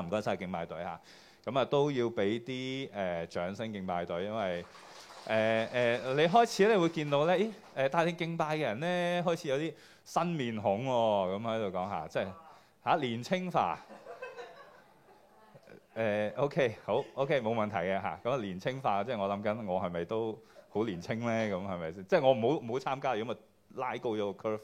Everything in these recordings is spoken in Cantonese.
唔該晒敬拜隊嚇，咁啊都要俾啲誒掌聲敬拜隊，因為誒誒、呃呃、你開始咧會見到咧，咦誒帶領敬拜嘅人咧開始有啲新面孔喎、哦，咁喺度講下，即係嚇、啊、年青化。誒 O K 好 O K 冇問題嘅嚇，咁啊年青化即係我諗緊我係咪都好年青咧？咁係咪先？即係我唔好唔好參加，如果咪拉高咗個 curve。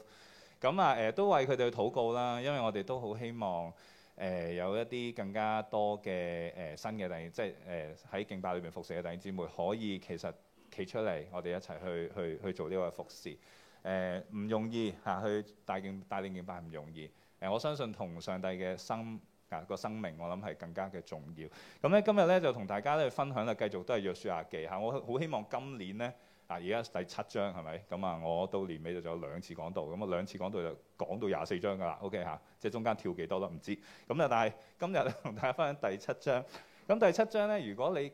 咁啊誒都為佢哋去禱告啦，因為我哋都好希望。誒、呃、有一啲更加多嘅誒、呃、新嘅弟即係誒喺敬拜裏邊服侍嘅弟兄姊妹，可以其實企出嚟，我哋一齊去去去做呢個服侍。誒、呃、唔容易嚇、啊，去帶敬帶領敬拜係唔容易。誒、呃、我相信同上帝嘅生啊、嗰個生命，我諗係更加嘅重要。咁咧今日咧就同大家咧分享啦，繼續都係約書亞記嚇、啊。我好希望今年咧～而家第七章係咪？咁啊，我到年尾就仲有兩次講到，咁啊兩次講到就講到廿四章㗎啦。OK 吓、啊，即係中間跳幾多都唔知。咁啊，但係今日同大家分享第七章。咁第七章咧，如果你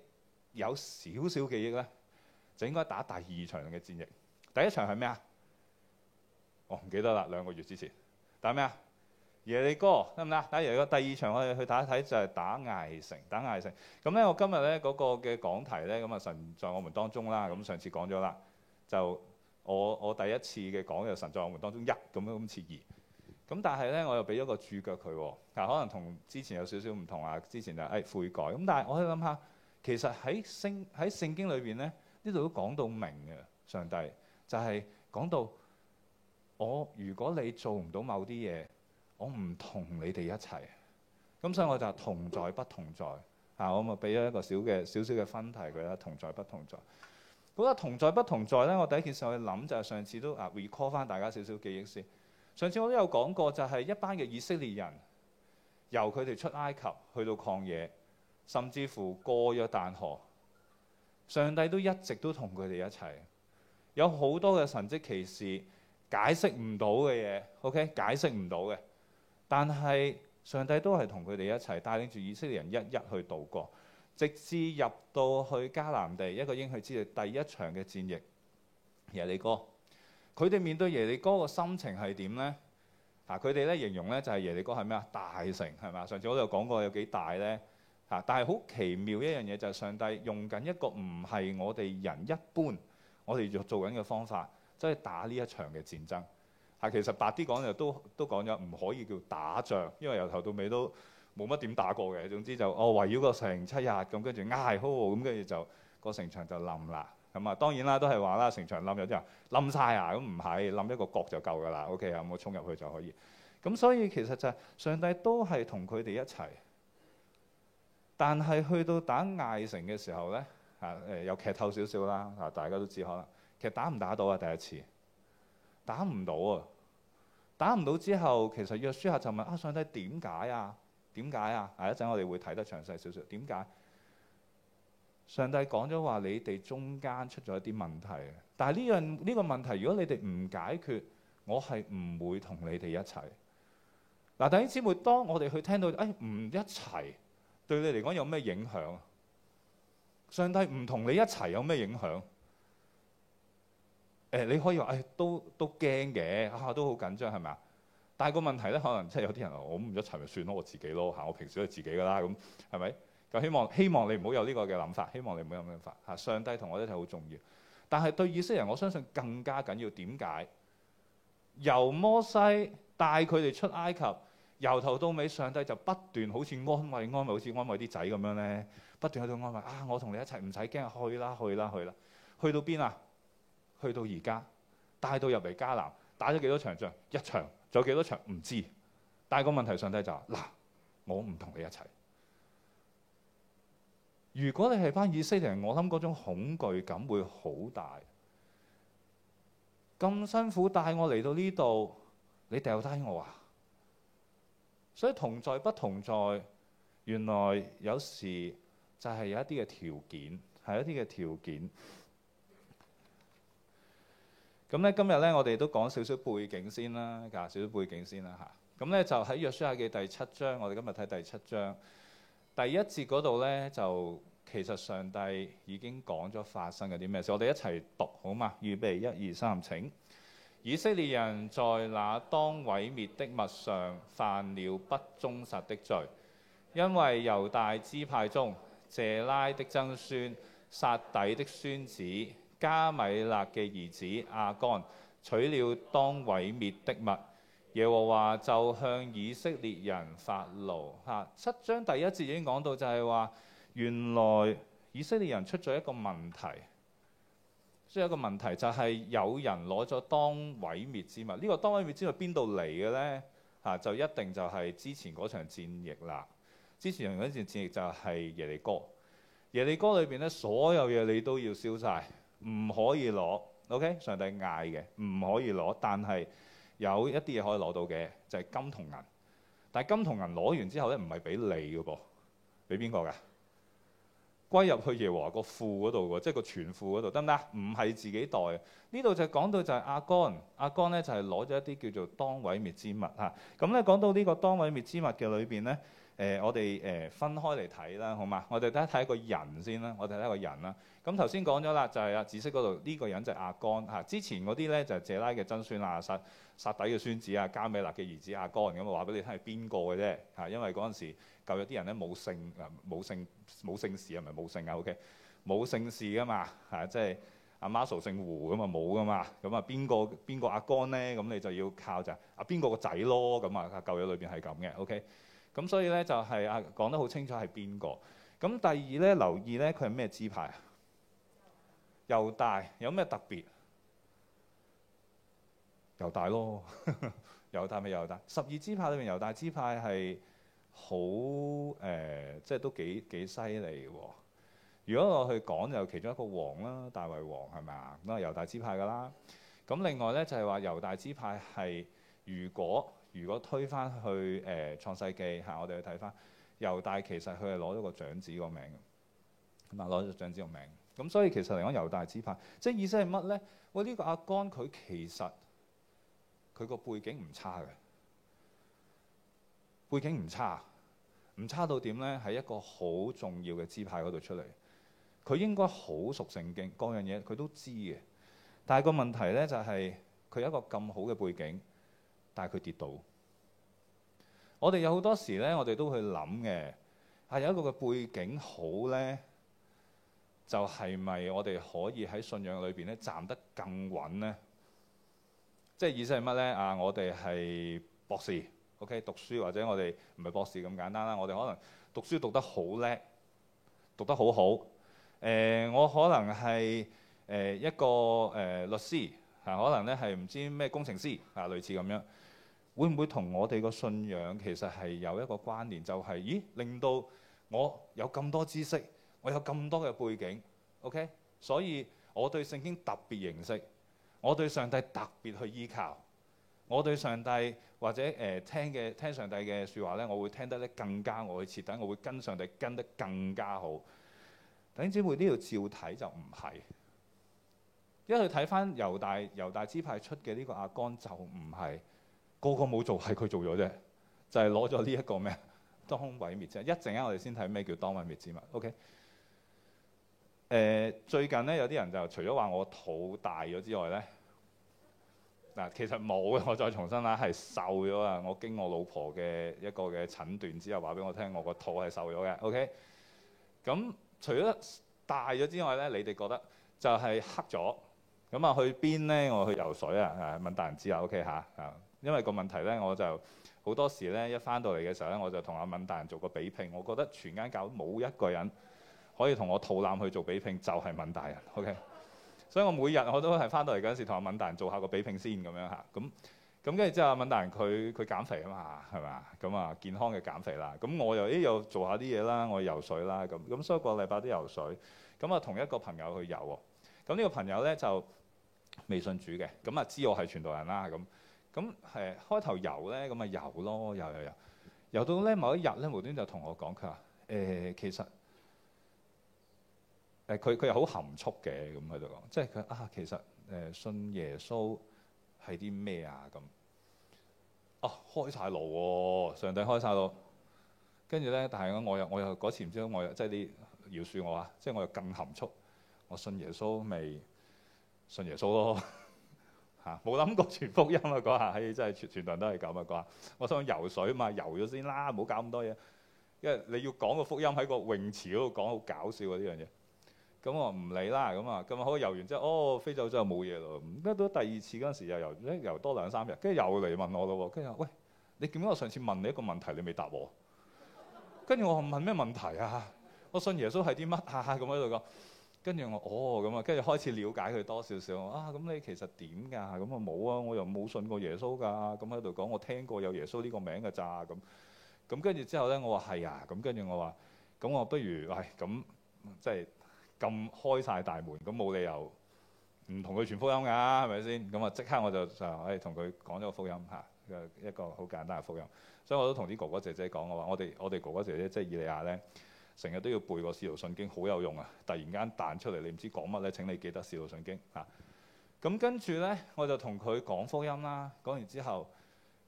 有少少記憶咧，就應該打第二場嘅戰役。第一場係咩啊？我、哦、唔記得啦。兩個月之前打咩啊？耶利哥得唔得？啊，耶利哥第二場我哋去睇一睇就係、是、打艾城，打艾城。咁、嗯、咧，我今日咧嗰個嘅講題咧，咁啊神在我們當中啦。咁、嗯、上次講咗啦，就我我第一次嘅講就神在我們當中一咁樣咁次二。咁、嗯、但係咧，我又俾咗個注腳佢，嗱、嗯、可能同之前有少少唔同啊。之前就誒、是哎、悔改，咁、嗯、但係我可以諗下，其實喺聖喺聖經裏邊咧，呢度都講到明嘅上帝就係、是、講到我如果你做唔到某啲嘢。我唔同你哋一齊，咁所以我就係同在不同在啊。我咪俾咗一個小嘅少少嘅分題佢啦，同在不同在。咁啊，同在不同在咧。我第一件事去諗就係上次都啊 recall 翻大家少少記憶先。上次我都有講過，就係一班嘅以色列人由佢哋出埃及去到曠野，甚至乎過咗旦河，上帝都一直都同佢哋一齊。有好多嘅神蹟奇事解釋唔到嘅嘢，OK？解釋唔到嘅。但係上帝都係同佢哋一齊帶領住以色列人一一去渡過，直至入到去迦南地一個應許之地。第一場嘅戰役耶利哥，佢哋面對耶利哥個心情係點呢？啊，佢哋咧形容咧就係、是、耶利哥係咩啊？大城係咪啊？上次我都有講過有幾大呢。」啊，但係好奇妙一樣嘢就係、是、上帝用緊一個唔係我哋人一般，我哋做做緊嘅方法，走、就、去、是、打呢一場嘅戰爭。係，其實白啲講就都都講咗，唔可以叫打仗，因為由頭到尾都冇乜點打過嘅。總之就哦，圍繞個城七日咁，跟住嗌喎，咁跟住就個城牆就冧啦。咁、嗯、啊，當然啦，都係話啦，城牆冧咗之後，冧晒啊，咁唔係，冧一個角就夠㗎啦。OK 咁、嗯、我衝入去就可以。咁所以其實就上帝都係同佢哋一齊，但係去到打艾城嘅時候咧，嚇誒又劇透少少啦。啊，大家都知可能，其實打唔打到啊？第一次。打唔到啊！打唔到之後，其實約書亞就問：啊，上帝點解啊？點解啊？下一陣我哋會睇得詳細少少。點解？上帝講咗話：你哋中間出咗一啲問題。但係呢樣呢個問題，如果你哋唔解決，我係唔會同你哋一齊。嗱、啊，弟兄姊妹，當我哋去聽到，哎，唔一齊，對你嚟講有咩影響？上帝唔同你一齊有咩影響？誒，你可以話誒、哎，都都驚嘅嚇，都好、啊、緊張係咪啊？但係個問題咧，可能真係有啲人話，我唔一齊咪算咯，我自己咯嚇、啊，我平時都係自己㗎啦，咁係咪？咁希望希望你唔好有呢個嘅諗法，希望你唔好有呢個諗法嚇、啊。上帝同我一齊好重要，但係對以色列人，我相信更加緊要。點解？由摩西帶佢哋出埃及，由頭到尾上帝就不斷好似安慰安慰，好似安慰啲仔咁樣咧，不斷喺度安慰啊！我同你一齊唔使驚，去啦，去啦，去啦，去到邊啊？去到而家，帶到入嚟迦南，打咗幾多場仗？一場，仲有幾多場唔知？但係個問題上、就係，上帝就話：嗱，我唔同你一齊。如果你係班以色列人，我諗嗰種恐懼感會好大。咁辛苦帶我嚟到呢度，你掉低我啊！所以同在不同在，原來有時就係有一啲嘅條件，係一啲嘅條件。咁咧今日咧我哋都講少少背景先啦，介紹少少背景先啦，嚇。咁、嗯、咧就喺約書亞記第七章，我哋今日睇第七章第一節嗰度咧，就其實上帝已經講咗發生嘅啲咩事。我哋一齊讀好嘛？預備一二三，請。以色列人在那當毀滅的物上犯了不忠實的罪，因為猶大支派中謝拉的曾孫撒底的孫子，加米勒嘅兒子亞干取了當毀滅的物，耶和華就向以色列人發怒。嚇，七章第一節已經講到，就係話原來以色列人出咗一個問題，即係一個問題就係有人攞咗當毀滅之物。呢個當毀滅之物邊度嚟嘅呢？嚇，就一定就係之前嗰場戰役啦。之前嗰場戰役就係耶利哥，耶利哥裏邊呢，所有嘢你都要燒晒。唔可以攞，OK？上帝嗌嘅唔可以攞，但係有一啲嘢可以攞到嘅就係金同銀。但係金同銀攞完之後咧，唔係俾你嘅噃，俾邊個㗎？歸入去耶和華個庫嗰度嘅，即係個存庫嗰度得唔得？唔係自己袋。呢度就講到就係亞干，亞干咧，就係攞咗一啲叫做當毀滅之物嚇。咁咧，講到呢個當毀滅之物嘅裏邊咧。誒、呃，我哋誒、呃、分開嚟睇啦，好嘛？我哋睇下睇一個人先啦，我哋睇一個人啦。咁頭先講咗啦，就係、是、阿紫色嗰度呢個人就係阿干嚇、啊。之前嗰啲咧就係、是、謝拉嘅曾孫啊，撒撒底嘅孫子啊，加美勒嘅兒子阿干咁啊，話俾你聽係邊個嘅啫嚇？因為嗰陣時舊約啲人咧冇姓冇姓冇姓氏係咪冇姓啊是是？OK，冇姓氏噶嘛嚇、啊，即係阿 Marshall 姓胡咁啊冇噶嘛，咁啊邊個邊個阿干咧？咁你就要靠就阿邊個個仔咯咁啊，舊約裏邊係咁嘅 OK。咁所以咧就係啊講得好清楚係邊個？咁第二咧留意咧佢係咩支派啊？猶大，猶大有咩特別？猶大咯，猶 大咪猶大。十二支派裏面，猶大支派係好誒，即係都幾幾犀利喎。如果我去講就其中一個王啦，大衛王係咪啊？咁啊猶大支派噶啦。咁另外咧就係話猶大支派係如果。如果推翻去誒、呃、創世記嚇，我哋去睇翻猶大其實佢係攞咗個長子個名，咁啊攞咗長子個名。咁所以其實嚟講猶大支派，即係意思係乜咧？喂，呢、這個阿幹佢其實佢個背景唔差嘅，背景唔差，唔差到點咧？喺一個好重要嘅支派嗰度出嚟，佢應該好熟聖經各樣嘢佢都知嘅。但係個問題咧就係、是、佢有一個咁好嘅背景。但係佢跌倒，我哋有好多時呢，我哋都去諗嘅，係、啊、有一個嘅背景好呢，就係、是、咪我哋可以喺信仰裏邊呢站得更穩呢？」即係意思係乜呢？啊，我哋係博士，OK，讀書或者我哋唔係博士咁簡單啦，我哋可能讀書讀得好叻，讀得好好、呃。我可能係、呃、一個誒、呃、律師。可能咧係唔知咩工程師，啊，類似咁樣，會唔會同我哋個信仰其實係有一個關聯？就係、係，咦，令到我有咁多知識，我有咁多嘅背景，OK，所以我對聖經特別認識，我對上帝特別去依靠，我對上帝或者誒、呃、聽嘅聽上帝嘅説話咧，我會聽得咧更加愛切，我徹底，我會跟上帝跟得更加好。弟兄姊妹，呢度照睇就唔係。一去睇翻猶大，猶大支派出嘅呢個亞干，就唔係個個冇做，係佢做咗啫，就係攞咗呢一個咩當毀滅之物。一陣間我哋先睇咩叫當毀滅之物。OK，誒、呃、最近咧有啲人就除咗話我肚大咗之外咧嗱，其實冇嘅。我再重新啦，係瘦咗啊！我經我老婆嘅一個嘅診斷之後，話俾我聽，我個肚係瘦咗嘅。OK，咁除咗大咗之外咧，你哋覺得就係黑咗。咁啊去邊咧？我去游水啊！啊，問大人知啊，O K 嚇啊，因為個問題咧，我就好多時咧一翻到嚟嘅時候咧，我就同阿問大人做個比拼。我覺得全間教冇一個人可以同我肚腩去做比拼，就係、是、問大人，O K。OK? 所以我每日我都係翻到嚟嗰陣時，同阿問大人做下個比拼先咁樣嚇。咁咁跟住之後，阿問大人佢佢減肥啊嘛，係咪？咁啊健康嘅減肥啦。咁我又啲又做下啲嘢啦，我游水啦咁。咁所以個禮拜都游水，咁啊同一個朋友去游喎。咁呢個朋友咧就～未信主嘅，咁啊知我係傳道人啦咁，咁誒開頭有咧，咁啊有咯，有有有，有到咧某一日咧無端就同我講佢話誒其實誒佢佢又好含蓄嘅咁喺度講，即係佢啊其實誒信耶穌係啲咩啊咁，哦、啊、開晒路喎，上帝開晒路，跟住咧但係我又我又嗰次唔知我即係你饒恕我啊，即係我，我又更含蓄，我信耶穌未？信耶穌咯嚇，冇、啊、諗過全福音啊嗰下，嘿真係全全場都係咁啊嗰下。我想游水啊嘛，游咗先啦，唔好搞咁多嘢。因為你要講個福音喺個泳池嗰度講，好搞笑啊呢樣嘢。咁、嗯、我唔理啦，咁、嗯、啊，咁、嗯、啊，可遊完之後，哦飛走真係冇嘢咯。咁到第二次嗰陣時又游咧遊、欸、多兩三日，跟住又嚟問我咯喎。跟住喂，你見到我上次問你一個問題，你未答我？跟住我問咩問題啊？我信耶穌係啲乜啊？咁喺度講。跟住我哦咁啊，跟住開始了解佢多少少、哦嗯、啊。咁你其實點㗎？咁啊冇啊，我又冇信過耶穌㗎。咁喺度講我聽過有耶穌呢個名㗎咋咁。咁跟住之後呢，我話係啊。咁跟住我話，咁、嗯嗯嗯嗯、我不如喂咁、哎嗯，即係咁開晒大門，咁、嗯、冇理由唔同佢傳福音㗎，係咪先？咁啊即刻我就就同佢講咗個福音嚇，一個好簡單嘅福音。所以我都同啲哥哥姐姐講我話，我哋我哋哥哥姐姐姐即係以利亞呢。成日都要背個《使徒信經》，好有用啊！突然間彈出嚟，你唔知講乜咧？請你記得《使徒信經》啊。咁跟住咧，我就同佢講福音啦。講完之後，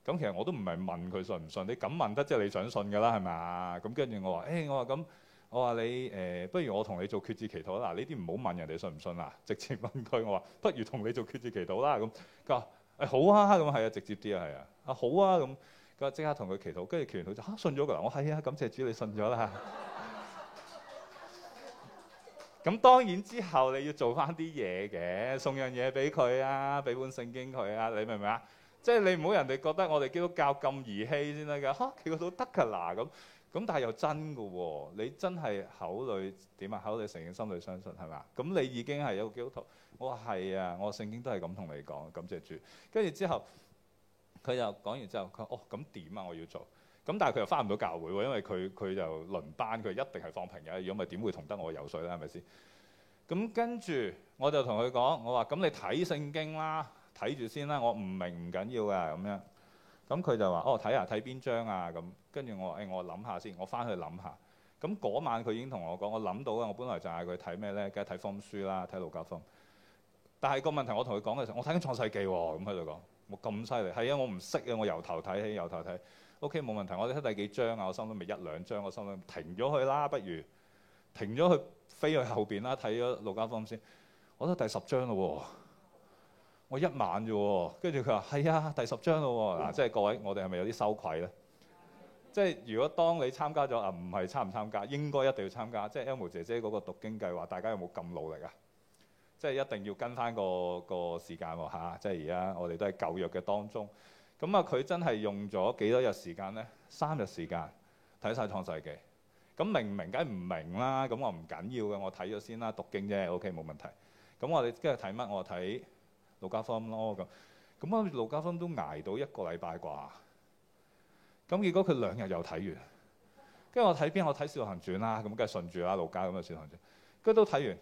咁其實我都唔係問佢信唔信，你噉問得即係你想信噶啦，係咪？咁跟住我話，誒，我話咁，我話你誒，不如我同你，你做決志祈禱。嗱，呢啲唔好問人哋信唔信啦，直接問佢。我話不如同你做決志祈禱啦。咁佢話誒好啊，咁係啊，直接啲啊，係啊，啊好啊，咁佢話即刻同佢祈禱，跟住祈完佢就吓，信咗㗎啦。我係啊，感謝主，你信咗啦。咁當然之後你要做翻啲嘢嘅，送樣嘢俾佢啊，俾本聖經佢啊，你明唔明啊？即係你唔好人哋覺得我哋基督教咁兒戲先得㗎，嚇基督徒得㗎嗱咁，咁但係又真㗎喎，哦，你真係口裡點啊？口裡承認心裡相信係咪啊？咁你已經係有個基督徒，我話係啊，我聖經都係咁同你講，感謝主。跟住之後，佢又講完之後，佢哦咁點啊？我要做。咁但係佢又翻唔到教會喎，因為佢佢就輪班，佢一定係放平日，如果咪點會同得我游水咧？係咪先？咁跟住我就同佢講，我話咁你睇聖經啦，睇住先啦。我唔明唔緊要㗎咁樣。咁佢就話哦，睇下，睇邊章啊咁。跟住我話誒、哎、我諗下先，我翻去諗下。咁嗰晚佢已經同我講，我諗到啊。我本來就嗌佢睇咩咧？梗係睇福音書啦，睇路加福音。但係個問題，我同佢講嘅時候，我睇緊創世記喎。咁佢就講我咁犀利。係啊，我唔識啊，我由頭睇起，由頭睇。OK，冇問題。我哋睇第幾章啊？我心諗咪一兩章。我心諗停咗佢啦，不如停咗佢飛去後邊啦，睇咗陸家謨先。我得第十章咯喎、哦，我一晚啫喎。跟住佢話：係、哎、啊，第十章咯喎、哦。嗱，即係各位，我哋係咪有啲羞愧咧？即係如果當你參加咗啊，唔係參唔參加，應該一定要參加。即係 Elmo 姐姐嗰個讀經計劃，大家有冇咁努力啊？即係一定要跟翻、嗰個、嗰個時間喎、啊、即係而家我哋都係舊約嘅當中。咁啊！佢真係用咗幾多日時間咧？三日時間睇晒《創世記》。咁明唔明？梗係唔明啦。咁我唔緊要嘅，我睇咗先啦，讀經啫，OK 冇問題。咁我哋跟住睇乜？我睇《路加福音》咯。咁咁我《路加福音》都捱到一個禮拜啩。咁結果佢兩日又睇完，跟住我睇邊？我睇《使徒行傳》啦。咁梗係順住啦，《路加》咁嘅《使徒行傳》，跟住都睇完，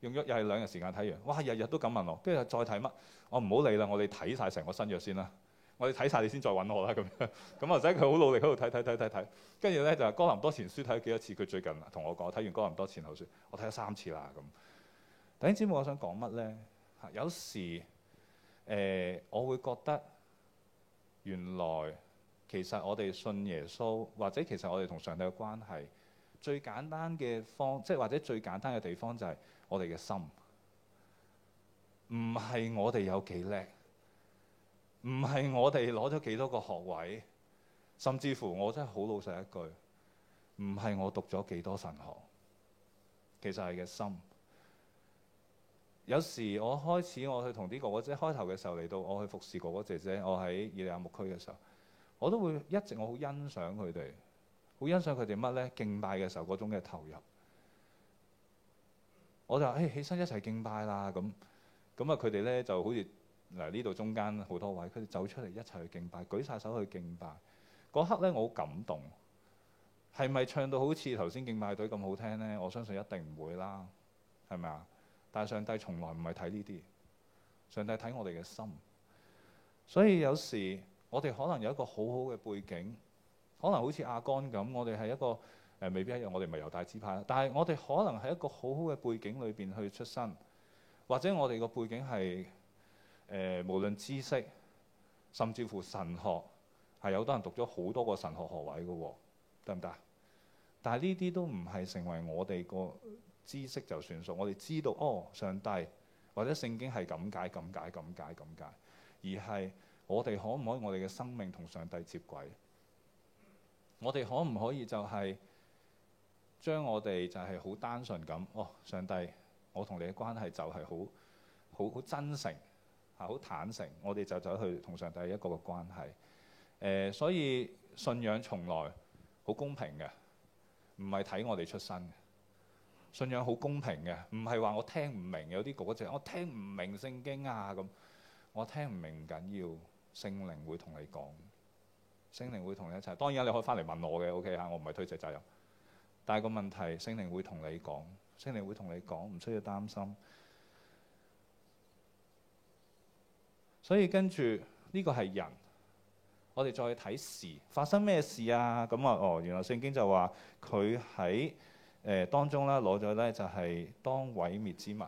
用咗又係兩日時間睇完。哇！日日都咁問我，跟住再睇乜？我唔好理啦，我哋睇晒成個新約先啦。我哋睇晒，你先，再揾我啦咁樣。咁或者佢好努力喺度睇睇睇睇睇，跟住呢，就係《哥林多前書》睇咗幾多次？佢最近同我講，睇完《哥林多前後書》，我睇咗三次啦咁。但係啲姊妹，我想講乜呢？有時，呃，我會覺得原來其實我哋信耶穌，或者其實我哋同上帝嘅關係，最簡單嘅方，即係或者最簡單嘅地方就係我哋嘅心，唔係我哋有幾叻。唔係我哋攞咗幾多個學位，甚至乎我真係好老實一句，唔係我讀咗幾多神學，其實係嘅心。有時我開始我去同啲哥哥姐開頭嘅時候嚟到，我去服侍哥哥姐姐，我喺以利亞牧區嘅時候，我都會一直我好欣賞佢哋，好欣賞佢哋乜呢？敬拜嘅時候嗰種嘅投入，我就誒起身一齊敬拜啦咁，咁啊佢哋呢就好似。嗱，呢度中間好多位，佢哋走出嚟一齊去敬拜，舉晒手去敬拜嗰刻呢，我好感動。係咪唱到好似頭先敬拜隊咁好聽呢？我相信一定唔會啦，係咪啊？但上帝從來唔係睇呢啲，上帝睇我哋嘅心。所以有時我哋可能有一個好好嘅背景，可能好似亞干咁，我哋係一個誒、呃，未必我哋唔係猶大支派，但係我哋可能係一個好好嘅背景裏邊去出身，或者我哋個背景係。誒、呃，無論知識，甚至乎神學，係有多人讀咗好多個神學學位嘅、哦，喎，得唔得？但係呢啲都唔係成為我哋個知識就算數。我哋知道哦，上帝或者聖經係咁解、咁解、咁解、咁解，而係我哋可唔可以我哋嘅生命同上帝接軌？我哋可唔可以就係將我哋就係好單純咁哦，上帝，我同你嘅關係就係好好好真誠。嚇好，啊、坦誠，我哋就走去同上帝一個個關係。呃。所以信仰從來好公平嘅，唔係睇我哋出身。信仰好公平嘅，唔係話我聽唔明有啲嗰隻，我聽唔明聖經啊，咁，我聽唔明，唔緊要，聖靈會同你講，聖靈會同你一齊。當然你可以翻嚟問我嘅，OK 嚇，我唔係推卸責任。但係個問題，聖靈會同你講，聖靈會同你講，唔需要擔心。所以跟住呢個係人，我哋再去睇事發生咩事啊？咁啊，哦，原來聖經就話佢喺誒當中咧攞咗咧就係、是、當毀滅之物，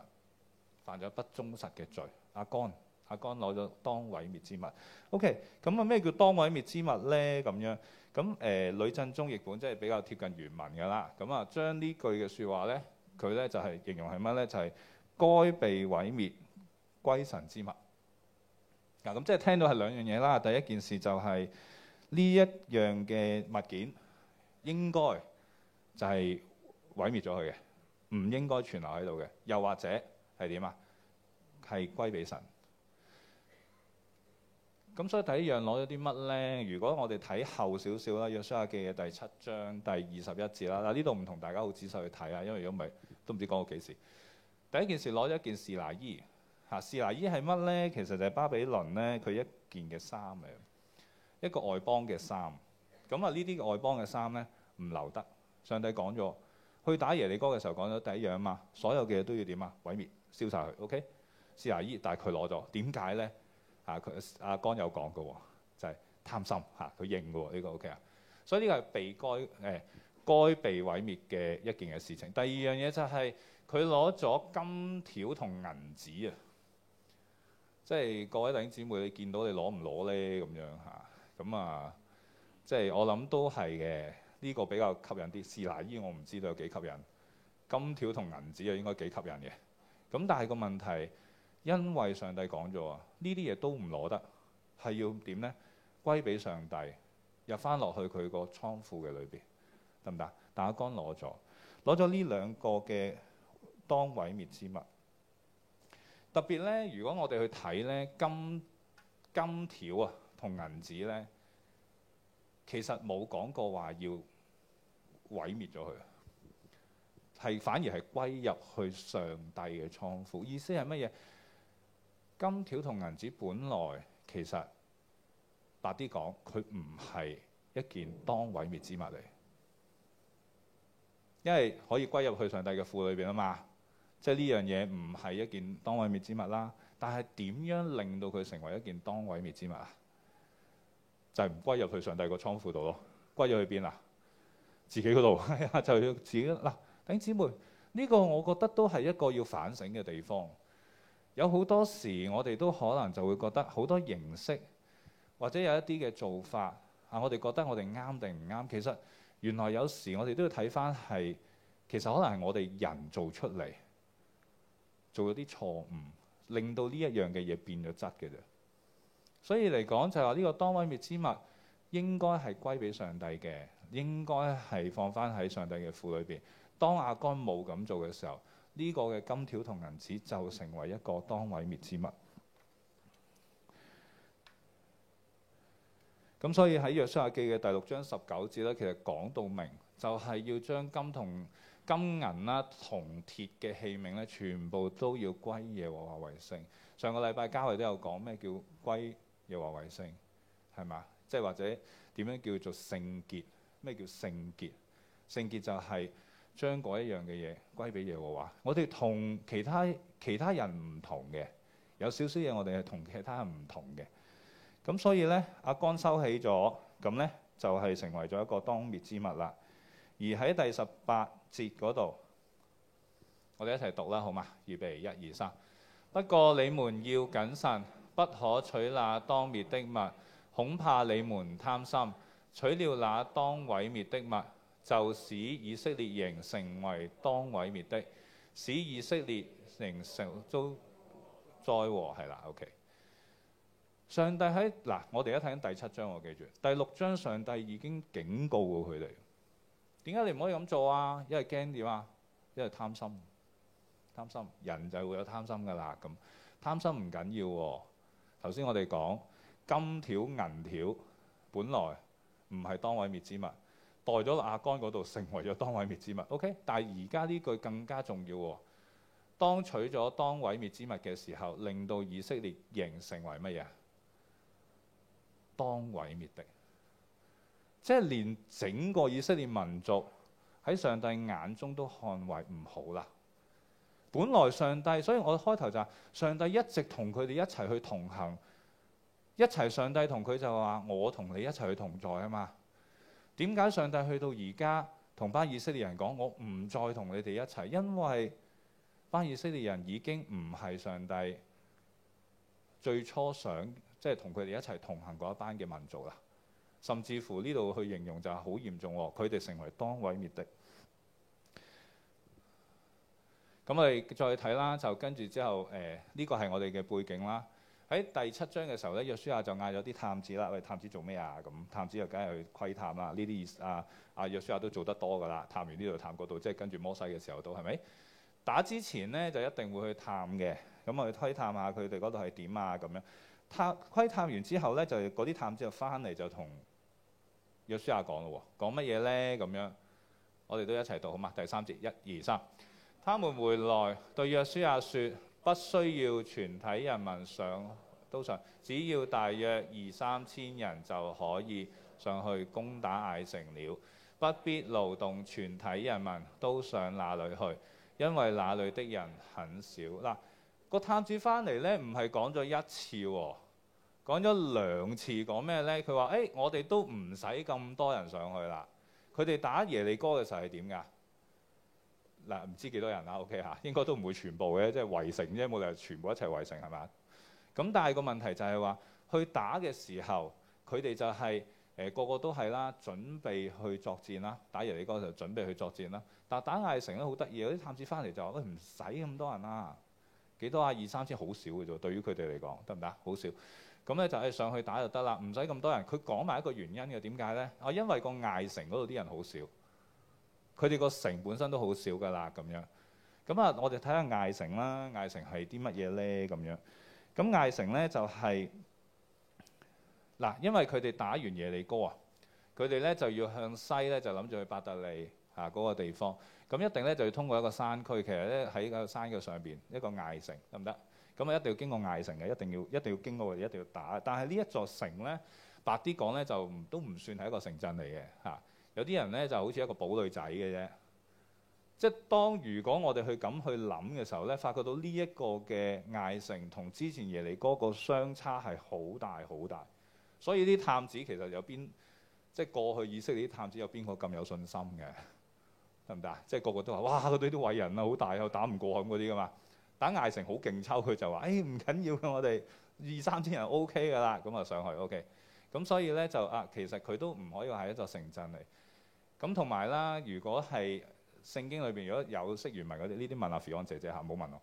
犯咗不忠實嘅罪。阿干阿干攞咗當毀滅之物。O.K. 咁啊，咩叫當毀滅之物咧？咁樣，咁誒呂振中譯本即係比較貼近原文㗎啦。咁啊，將呢句嘅說話咧，佢咧就係、是、形容係乜咧？就係、是、該被毀滅歸神之物。嗱，咁、嗯、即係聽到係兩樣嘢啦。第一件事就係、是、呢一樣嘅物件應該就係毀滅咗佢嘅，唔應該存留喺度嘅。又或者係點啊？係歸俾神。咁所以第一樣攞咗啲乜咧？如果我哋睇後少少啦，《約書亞記》嘅第七章第二十一節啦。嗱，呢度唔同大家好仔細去睇啊，因為如果唔係都唔知講到幾時。第一件事攞咗一件示拿衣。嚇！士拿衣係乜咧？其實就係巴比倫咧，佢一件嘅衫嚟，一個外邦嘅衫。咁啊，呢啲外邦嘅衫咧唔留得。上帝講咗，去打耶利哥嘅時候講咗第一樣啊嘛，所有嘅嘢都要點啊？毀滅，燒晒佢。OK？施拿衣，但係佢攞咗點解咧？嚇佢啊！剛、啊啊、有講嘅、哦、就係、是、貪心嚇，佢認嘅呢個 OK 啊。哦呢個、okay? 所以呢個係被該誒、呃、該被毀滅嘅一件嘅事情。第二樣嘢就係佢攞咗金條同銀紙啊。即係各位弟兄姊妹，你見到你攞唔攞呢？咁樣吓，咁啊，即係我諗都係嘅。呢個比較吸引啲。示拿衣我唔知道有幾吸引。金條同銀紙又應該幾吸引嘅。咁但係個問題，因為上帝講咗啊，呢啲嘢都唔攞得，係要點呢？歸俾上帝，入翻落去佢個倉庫嘅裏邊，得唔得？但亞干攞咗，攞咗呢兩個嘅當毀滅之物。特別咧，如果我哋去睇咧，金金條啊同銀紙咧，其實冇講過話要毀滅咗佢，係反而係歸入去上帝嘅倉庫。意思係乜嘢？金條同銀紙本來其實白啲講，佢唔係一件當毀滅之物嚟，因為可以歸入去上帝嘅庫裏邊啊嘛。即係呢樣嘢唔係一件當毀滅之物啦，但係點樣令到佢成為一件當毀滅之物啊？就係、是、唔歸入去上帝個倉庫度咯，歸咗去邊啊？自己嗰度係啊，就要自己嗱。頂姊妹呢個我覺得都係一個要反省嘅地方。有好多時我哋都可能就會覺得好多形式或者有一啲嘅做法啊，我哋覺得我哋啱定唔啱。其實原來有時我哋都要睇翻係其實可能係我哋人做出嚟，做咗啲錯誤，令到呢一樣嘅嘢變咗質嘅啫。所以嚟講就係話呢個當位滅之物應該係歸俾上帝嘅，應該係放返喺上帝嘅庫裏邊。當亞干冇咁做嘅時候，呢、這個嘅金條同銀紙就成為一個當位滅之物。咁所以喺約書亞記嘅第六章十九節呢，其實講到明，就係要將金同。金銀啦、銅鐵嘅器皿咧，全部都要歸耶和華為聖。上個禮拜嘉慧都有講咩叫歸耶和華為聖，係嘛？即係或者點樣叫做聖潔？咩叫聖潔？聖潔就係將嗰一樣嘅嘢歸俾耶和華。我哋同其他其他人唔同嘅，有少少嘢我哋係同其他人唔同嘅。咁所以呢，亞干收起咗，咁呢就係成為咗一個當滅之物啦。而喺第十八節嗰度，我哋一齊讀啦，好嘛？預備一、二、三。不過你們要謹慎，不可取那當滅的物，恐怕你們貪心，取了那當毀滅的物，就使以色列營成為當毀滅的，使以色列營成遭災禍。係啦，OK。上帝喺嗱，我哋而家睇緊第七章，我記住第六章上帝已經警告過佢哋。點解你唔可以咁做啊？因為驚點啊？因為貪心，貪心，人就會有貪心㗎喇咁。貪心唔緊要喎、啊。頭先我哋講金條銀條，本來唔係當毀滅之物，代咗亞干嗰度成為咗當毀滅之物。OK，但係而家呢句更加重要喎、啊。當取咗當毀滅之物嘅時候，令到以色列形成為乜嘢？當毀滅的。即係連整個以色列民族喺上帝眼中都看為唔好啦。本來上帝，所以我開頭就話上帝一直同佢哋一齊去同行，一齊上帝同佢就話：我同你一齊去同在啊嘛。點解上帝去到而家同班以色列人講：我唔再同你哋一齊，因為班以色列人已經唔係上帝最初想即係同佢哋一齊同行嗰一班嘅民族啦。甚至乎呢度去形容就係好嚴重，佢哋成為當位滅敵。咁我哋再睇啦，就跟住之後誒呢、呃這個係我哋嘅背景啦。喺第七章嘅時候咧，約書亞就嗌咗啲探子啦。喂，探子做咩啊？咁探子又梗係去窺探啦。呢啲意思啊啊約書亞都做得多噶啦，探完呢度探嗰度，即係跟住摩西嘅時候都係咪？打之前呢？就一定會去探嘅，咁我哋去窺探下佢哋嗰度係點啊咁樣。探窺探完之後呢，就嗰啲探子就返嚟就同約書亞講咯，講乜嘢呢？咁樣我哋都一齊讀好嘛？第三節一、二、三，他們回來對約書亞說：不需要全體人民上都上，只要大約二三千人就可以上去攻打艾城了，不必勞動全體人民都上那裡去，因為那裡的人很少。嗱。個探子返嚟呢，唔係講咗一次喎，講咗兩次。講咩呢？佢話：誒，我哋都唔使咁多人上去啦。佢哋打耶利哥嘅時候係點㗎？嗱，唔知幾多人啦。O.K. 嚇，應該都唔會全部嘅，即係圍城啫，冇理由全部一齊圍城係咪？咁，但係個問題就係話，去打嘅時候，佢哋就係誒個個都係啦，準備去作戰啦。打耶利哥就準備去作戰啦。但打艾城都好得意啊！啲探子返嚟就話：喂，唔使咁多人啊。幾多啊？二三千好少嘅啫，對於佢哋嚟講，得唔得？好少。咁咧就係上去打就得啦，唔使咁多人。佢講埋一個原因嘅，點解咧？啊，因為個艾城嗰度啲人好少，佢哋個城本身都好少㗎啦，咁樣。咁啊，我哋睇下艾城啦。艾城係啲乜嘢咧？咁樣。咁艾城咧就係、是、嗱，因為佢哋打完耶利哥啊，佢哋咧就要向西咧，就諗住去伯特利嚇嗰、啊那個地方。咁、嗯、一定咧就要通過一個山區，其實咧喺個山嘅上邊一個艾城得唔得？咁啊、嗯、一定要經過艾城嘅，一定要一定要經過，一定要打。但係呢一座城咧，白啲講咧就都唔算係一個城鎮嚟嘅嚇。有啲人咧就好似一個堡壘仔嘅啫。即係當如果我哋去咁去諗嘅時候咧，發覺到呢一個嘅艾城同之前耶利哥個相差係好大好大。所以啲探子其實有邊即係過去意識呢啲探子有邊個咁有信心嘅？得唔得啊？即係個個都話：哇！個隊啲偉人啊，好大啊，打唔過咁嗰啲噶嘛。打艾城好勁抽佢就話：誒唔緊要我哋二三千人 O K 嘅啦。咁啊上去 O K。咁、OK、所以咧就啊，其實佢都唔可以話係一座城鎮嚟。咁同埋啦，如果係聖經裏邊如果有識原文嗰啲，呢啲問阿菲安姐姐嚇，唔好問我。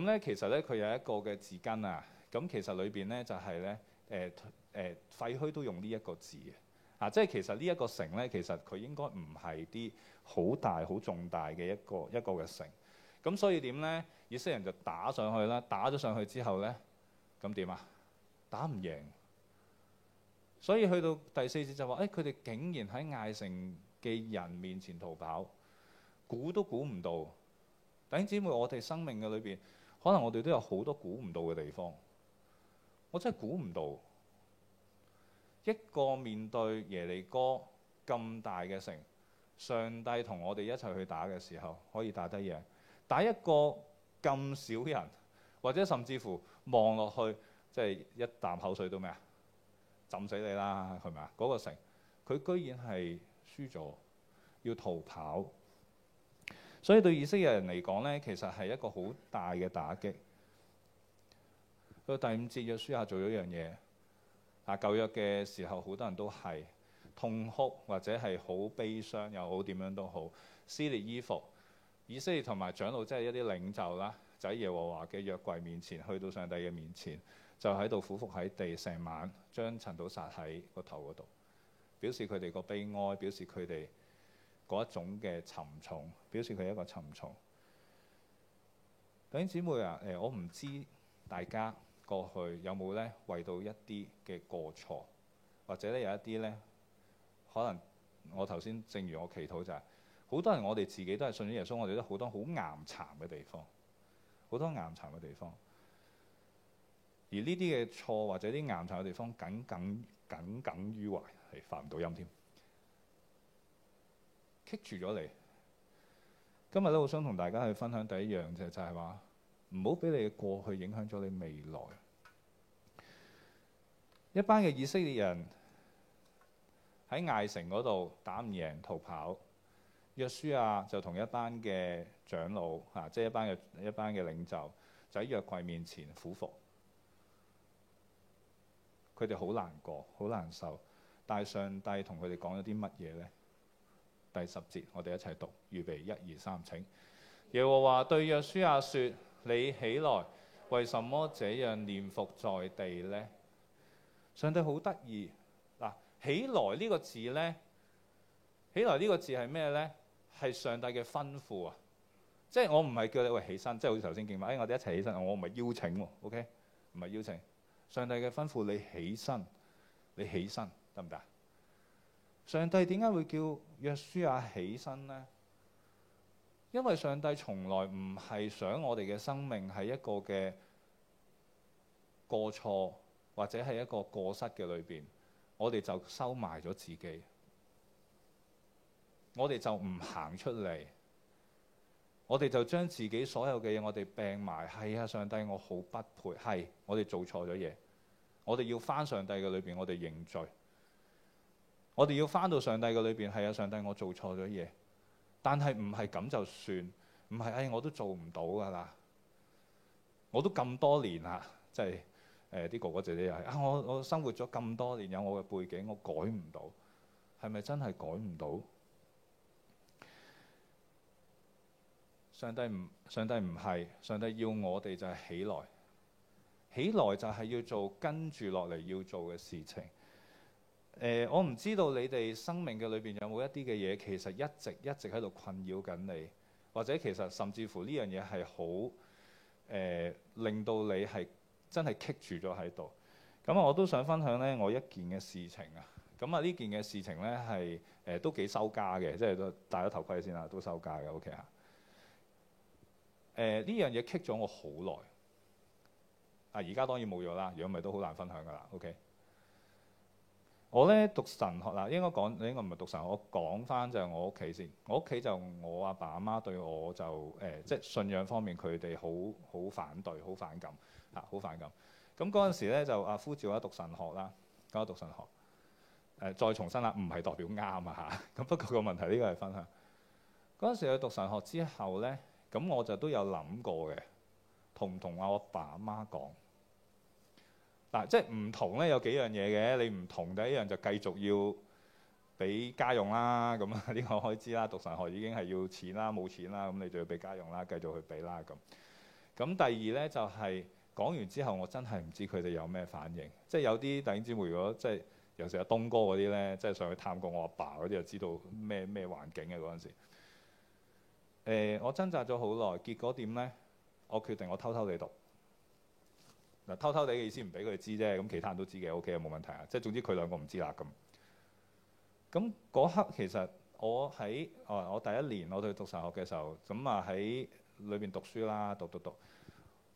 咁咧其實咧佢有一個嘅字根啊。咁其實裏邊咧就係咧誒誒廢墟都用呢一個字嘅。啊，即係其實呢一個城咧，其實佢應該唔係啲好大、好重大嘅一個一個嘅城。咁所以點呢？以色列人就打上去啦，打咗上去之後呢，咁點啊？打唔贏。所以去到第四節就話：誒、哎，佢哋竟然喺艾城嘅人面前逃跑，估都估唔到。弟兄姊妹，我哋生命嘅裏邊，可能我哋都有好多估唔到嘅地方，我真係估唔到。一個面對耶利哥咁大嘅城，上帝同我哋一齊去打嘅時候，可以打得贏；打一個咁少人，或者甚至乎望落去，即係一啖口水都咩啊？浸死你啦，係咪啊？嗰個城，佢居然係輸咗，要逃跑。所以對以色列人嚟講呢，其實係一個好大嘅打擊。到第五節，約書亞做咗一樣嘢。啊！舊約嘅時候，好多人都係痛哭，或者係好悲傷又好點樣都好，撕裂衣服。以色列同埋長老即係一啲領袖啦，就喺耶和華嘅約櫃面前，去到上帝嘅面前，就喺度俯伏喺地成晚，將塵土撒喺個頭嗰度，表示佢哋個悲哀，表示佢哋嗰一種嘅沉重，表示佢一個沉重。弟兄姊妹啊，誒、呃，我唔知大家。過去有冇呢？為到一啲嘅過錯，或者呢有一啲呢？可能我頭先正如我祈禱就係係，好多人我哋自己都係信咗耶穌，我哋都好多好癌殘嘅地方，好多癌殘嘅地方，而呢啲嘅錯或者啲癌殘嘅地方，耿耿耿耿於懷，係發唔到音添，棘住咗你。今日咧，我想同大家去分享第一樣嘅就係就係話。唔好俾你嘅過去影響咗你未來。一班嘅以色列人喺艾城嗰度打唔贏，逃跑，約書亞就同一班嘅長老啊，即係一班嘅一班嘅領袖，就喺約櫃面前俯伏，佢哋好難過，好難受。但係上帝同佢哋講咗啲乜嘢呢？第十節，我哋一齊讀，預備一二三，請。耶和華對約書亞說。你起來，為什麼這樣俯伏在地呢？上帝好得意，嗱，起來呢個字呢？起來呢個字係咩呢？係上帝嘅吩咐啊！即係我唔係叫你喂起身，即好似頭先敬拜，哎，我哋一齊起，起身我唔係邀請喎，OK，唔係邀請。上帝嘅吩咐，你起身，你起身得唔得？上帝點解會叫約書亞起身呢？因為上帝從來唔係想我哋嘅生命係一個嘅過錯或者係一個過失嘅裏邊，我哋就收埋咗自己，我哋就唔行出嚟，我哋就將自己所有嘅嘢，我哋病埋。係、哎、啊，上帝，我好不配。係、哎，我哋做錯咗嘢，我哋要返上帝嘅裏邊，我哋認罪。我哋要返到上帝嘅裏邊。係、哎、啊，上帝，我做錯咗嘢。但係唔係咁就算，唔係哎，我都做唔到㗎啦！我都咁多年啦，即係啲哥哥姐姐又係啊，我我生活咗咁多年，有我嘅背景，我改唔到，係咪真係改唔到？上帝唔，上帝唔係，上帝要我哋就係起來，起來就係要做跟住落嚟要做嘅事情。誒、呃，我唔知道你哋生命嘅裏邊有冇一啲嘅嘢，其實一直一直喺度困擾緊你，或者其實甚至乎呢樣嘢係好誒，令到你係真係棘住咗喺度。咁、嗯、啊，我都想分享咧，我一件嘅事情啊。咁、嗯、啊，呢件嘅事情咧係誒都幾收家嘅，即係都戴咗頭盔先啦，都收家嘅。OK 啊、嗯。誒，呢樣嘢棘咗我好耐。啊，而家當然冇咗啦，如果唔係都好難分享㗎喇。OK。我咧讀神學啦，應該講應該唔係讀神學，我講翻就係我屋企先。我屋企就我阿爸阿媽對我就誒、呃，即係信仰方面佢哋好好反對，好反感嚇，好反感。咁嗰陣時咧就呀，呼召咗讀神學啦，嗰個讀神學誒、呃、再重新啦，唔係代表啱啊嚇。咁 不過個問題呢個係分享。嗰陣時去讀神學之後咧，咁我就都有諗過嘅，同唔同我阿爸阿媽講？嗱、啊，即係唔同咧，有幾樣嘢嘅，你唔同第一樣就繼續要俾家用啦，咁啊呢個開支啦，讀神學已經係要錢啦，冇錢啦，咁、嗯、你就要俾家用啦，繼續去俾啦咁。咁、嗯、第二咧就係、是、講完之後，我真係唔知佢哋有咩反應。即係有啲弟兄姊妹，如果即係有時阿東哥嗰啲咧，即係上去探過我阿爸嗰啲，就知道咩咩環境嘅嗰陣時、呃。我掙扎咗好耐，結果點咧？我決定我偷偷地讀。偷偷哋嘅意思唔俾佢知啫。咁其他人都知嘅，O K 冇問題啊。即係總之佢兩個唔知啦。咁咁嗰刻其實我喺哦，我第一年我哋讀神學嘅時候，咁啊喺裏邊讀書啦，讀讀讀。讀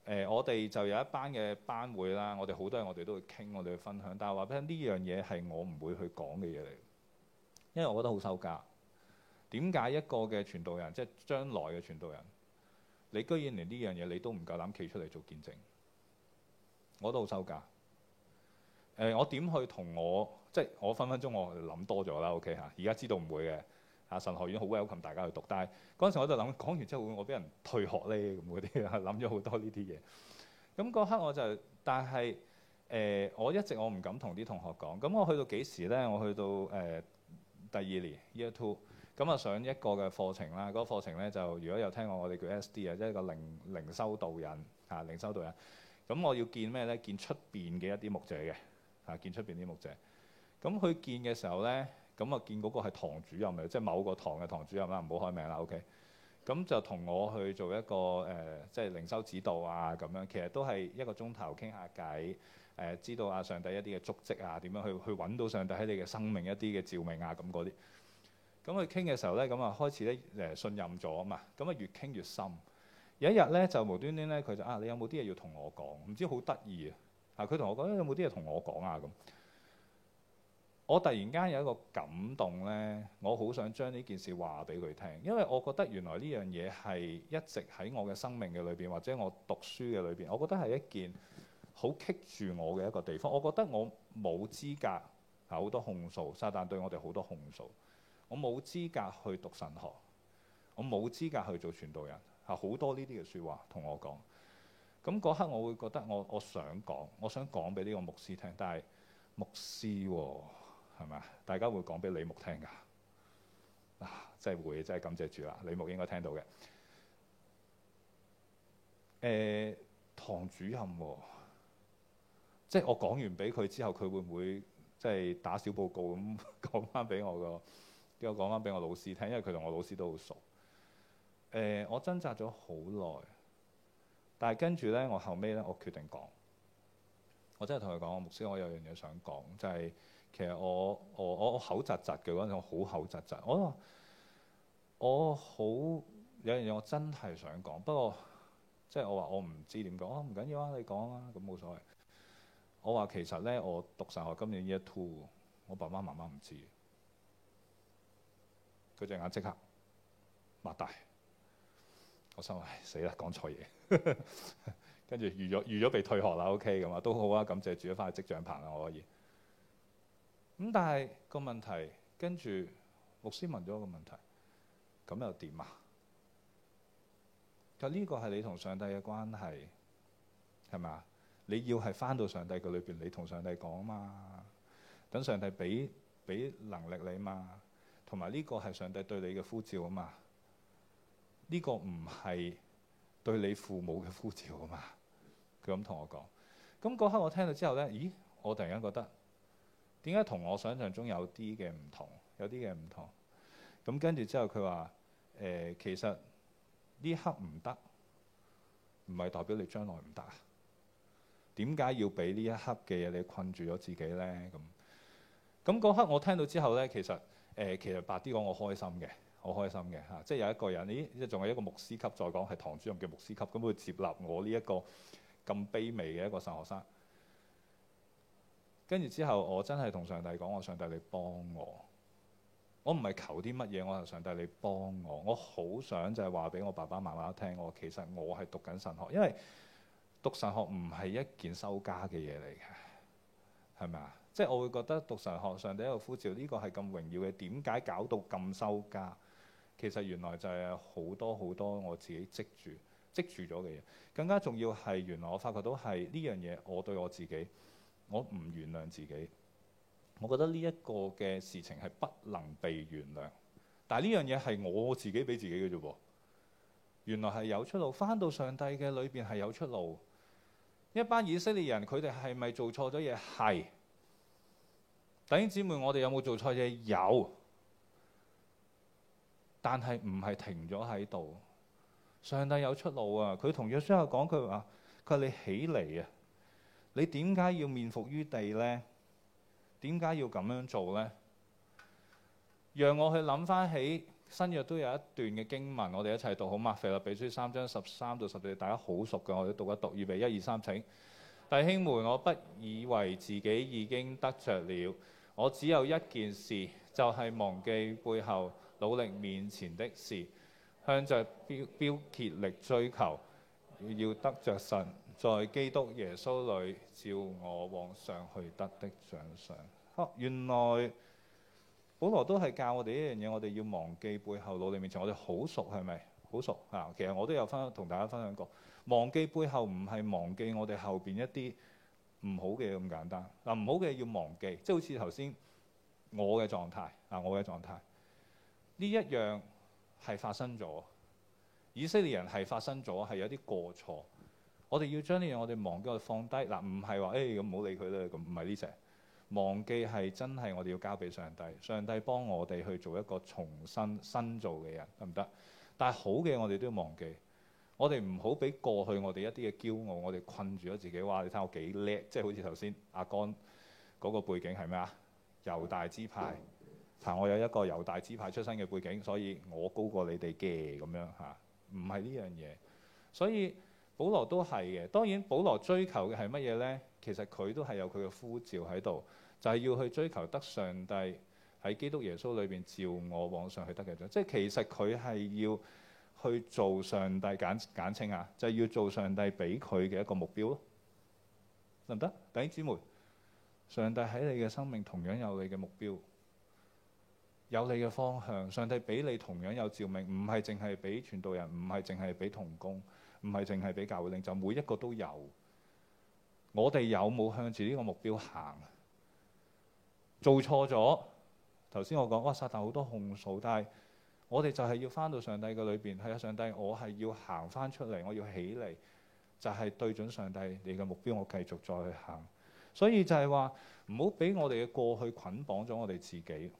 呃、我哋就有一班嘅班會啦。我哋好多人，我哋都會傾，我哋去分享。但係話俾你聽，呢樣嘢係我唔會去講嘅嘢嚟，因為我覺得好羞家。點解一個嘅傳道人，即係將來嘅傳道人，你居然連呢樣嘢，你都唔夠膽企出嚟做見證？我都好收假。誒、呃，我點去同我即係我分分鐘我諗多咗啦。OK 嚇，而家知道唔會嘅。啊，神學院好 welcome 大家去讀，但係嗰陣時我就諗講完之後會唔會我俾人退學咧咁嗰啲，諗咗好多呢啲嘢。咁嗰刻我就，但係誒、呃，我一直我唔敢同啲同學講。咁我去到幾時咧？我去到誒、呃、第二年 year two，咁啊上一個嘅課程啦。個課程咧就如果有聽過我，我哋叫 SD 啊，即係個靈靈修導引。啊，靈修導人。咁我要見咩咧？見出邊嘅一啲牧者嘅，啊見出邊啲牧者。咁佢見嘅時候咧，咁啊見嗰個係堂主任嘅，即、就、係、是、某個堂嘅堂主任啦，唔好開名啦，OK。咁就同我去做一個誒、呃，即係靈修指導啊，咁樣其實都係一個鐘頭傾下偈，誒、呃、知道啊上帝一啲嘅足跡啊，點樣去去揾到上帝喺你嘅生命一啲嘅照明啊，咁嗰啲。咁佢傾嘅時候咧，咁啊開始咧誒、呃、信任咗啊嘛，咁啊越傾越深。有一日咧，就無端端咧，佢就啊，你有冇啲嘢要同我講？唔知好得意啊！啊，佢同我講，有冇啲嘢同我講啊？咁，我突然間有一個感動咧，我好想將呢件事話俾佢聽，因為我覺得原來呢樣嘢係一直喺我嘅生命嘅裏邊，或者我讀書嘅裏邊，我覺得係一件好棘住我嘅一個地方。我覺得我冇資格係好多控訴，撒旦對我哋好多控訴，我冇資格去讀神學，我冇資格去做傳道人。好多呢啲嘅説話同我講，咁嗰刻我會覺得我我想講，我想講俾呢個牧師聽，但係牧師係咪啊？大家會講俾李牧聽㗎，嗱、啊、真係會，真係感謝住啦、啊！李牧應該聽到嘅。誒、欸，堂主任、哦，即係我講完俾佢之後，佢會唔會即係打小報告咁講翻俾我個，叫我講翻俾我老師聽，因為佢同我老師都好熟。誒、呃，我掙扎咗好耐，但係跟住呢，我後尾呢，我決定講。我真係同佢講，我牧師，我有樣嘢想講，就係、是、其實我我我，我口窒窒嘅嗰陣，我好口窒窒。我我好有樣嘢，我真係想講。不過即我我不、哦、係我話我唔知點講，我唔緊要啊，你講啊，咁冇所謂。我話其實呢，我讀神學今年 Year Two，我爸爸媽媽唔知，佢隻眼即刻擘大。我心、哎、死啦，講錯嘢，跟住預咗預咗被退學啦，OK 咁啊，都好啊，感謝住咗翻去積獎棚啊，我可以。咁、嗯、但係個問題，跟住牧師問咗個問題，咁又點啊？就呢個係你同上帝嘅關係，係咪啊？你要係翻到上帝嘅裏邊，你同上帝講啊嘛，等上帝俾俾能力你嘛，同埋呢個係上帝對你嘅呼召啊嘛。呢個唔係對你父母嘅呼召啊嘛，佢咁同我講。咁嗰刻我聽到之後呢，咦？我突然間覺得點解同我想象中有啲嘅唔同，有啲嘅唔同。咁跟住之後佢話：誒、呃，其實呢刻唔得，唔係代表你將來唔得啊。點解要俾呢一刻嘅嘢你困住咗自己呢？咁咁嗰刻我聽到之後呢，其實誒、呃，其實白啲講，我開心嘅。好開心嘅嚇，即係有一個人，咦，仲係一個牧師級再講係堂主任嘅牧師級咁，佢接納我呢一個咁卑微嘅一個神學生。跟住之後，我真係同上帝講：我上帝，你幫我。我唔係求啲乜嘢，我係上帝，你幫我。我好想就係話俾我爸爸媽媽聽，我其實我係讀緊神學，因為讀神學唔係一件羞家嘅嘢嚟嘅，係咪啊？即係我會覺得讀神學上帝有一個呼召，呢個係咁榮耀嘅，點解搞到咁羞家？其實原來就係好多好多我自己積住積住咗嘅嘢，更加重要係原來我發覺到係呢樣嘢，我對我自己，我唔原諒自己。我覺得呢一個嘅事情係不能被原諒，但係呢樣嘢係我自己俾自己嘅啫喎。原來係有出路，翻到上帝嘅裏邊係有出路。一班以色列人佢哋係咪做錯咗嘢？係。弟兄姊妹，我哋有冇做錯嘢？有。但係唔係停咗喺度？上帝有出路啊！佢同約書亞講，佢話：佢話你起嚟啊！你點解要面伏於地呢？點解要咁樣做呢？」讓我去諗翻起新約都有一段嘅經文，我哋一齊讀好嗎？腓立比書三章十三到十四，大家好熟嘅，我哋讀一讀，預備一二三，請弟兄們，我不以為自己已經得着了，我只有一件事，就係忘記背後。努力面前的事，向着標標竭力追求，要得着神在基督耶穌裏召我往上去得的獎賞。哦，原來保羅都係教我哋一樣嘢，我哋要忘記背後努力面前。我哋好熟係咪？好熟啊、嗯！其實我都有分同大家分享過，忘記背後唔係忘記我哋後邊一啲唔好嘅咁簡單，嗱、嗯，唔好嘅要忘記，即係好似頭先我嘅狀態啊，我嘅狀態。嗯呢一樣係發生咗，以色列人係發生咗，係有啲過錯。我哋要將呢樣我哋忘記我放低，嗱，唔係話誒，咁唔好理佢啦，咁唔係呢隻。忘記係真係我哋要交俾上帝，上帝幫我哋去做一個重新新造嘅人得唔得？但係好嘅我哋都要忘記，我哋唔好俾過去我哋一啲嘅驕傲，我哋困住咗自己。哇！你睇我幾叻，即係好似頭先阿江嗰個背景係咩啊？猶大支派。嗯我有一個猶大支派出身嘅背景，所以我高過你哋嘅咁樣吓，唔係呢樣嘢。所以保羅都係嘅。當然，保羅追求嘅係乜嘢呢？其實佢都係有佢嘅呼召喺度，就係要去追求得上帝喺基督耶穌裏邊召我往上去得嘅。即係其實佢係要去做上帝簡簡稱啊，就係要做上帝俾佢嘅一個目標咯，得唔得？弟兄姊妹，上帝喺你嘅生命同樣有你嘅目標。有你嘅方向，上帝俾你同樣有照明，唔係淨係俾傳道人，唔係淨係俾同工，唔係淨係俾教會領袖，就每一個都有。我哋有冇向住呢個目標行？做錯咗，頭先我講哇、哦，撒但好多控訴，但係我哋就係要翻到上帝嘅裏邊，係啊，上帝，我係要行翻出嚟，我要起嚟，就係、是、對準上帝你嘅目標，我繼續再去行。所以就係話，唔好俾我哋嘅過去捆綁咗我哋自己。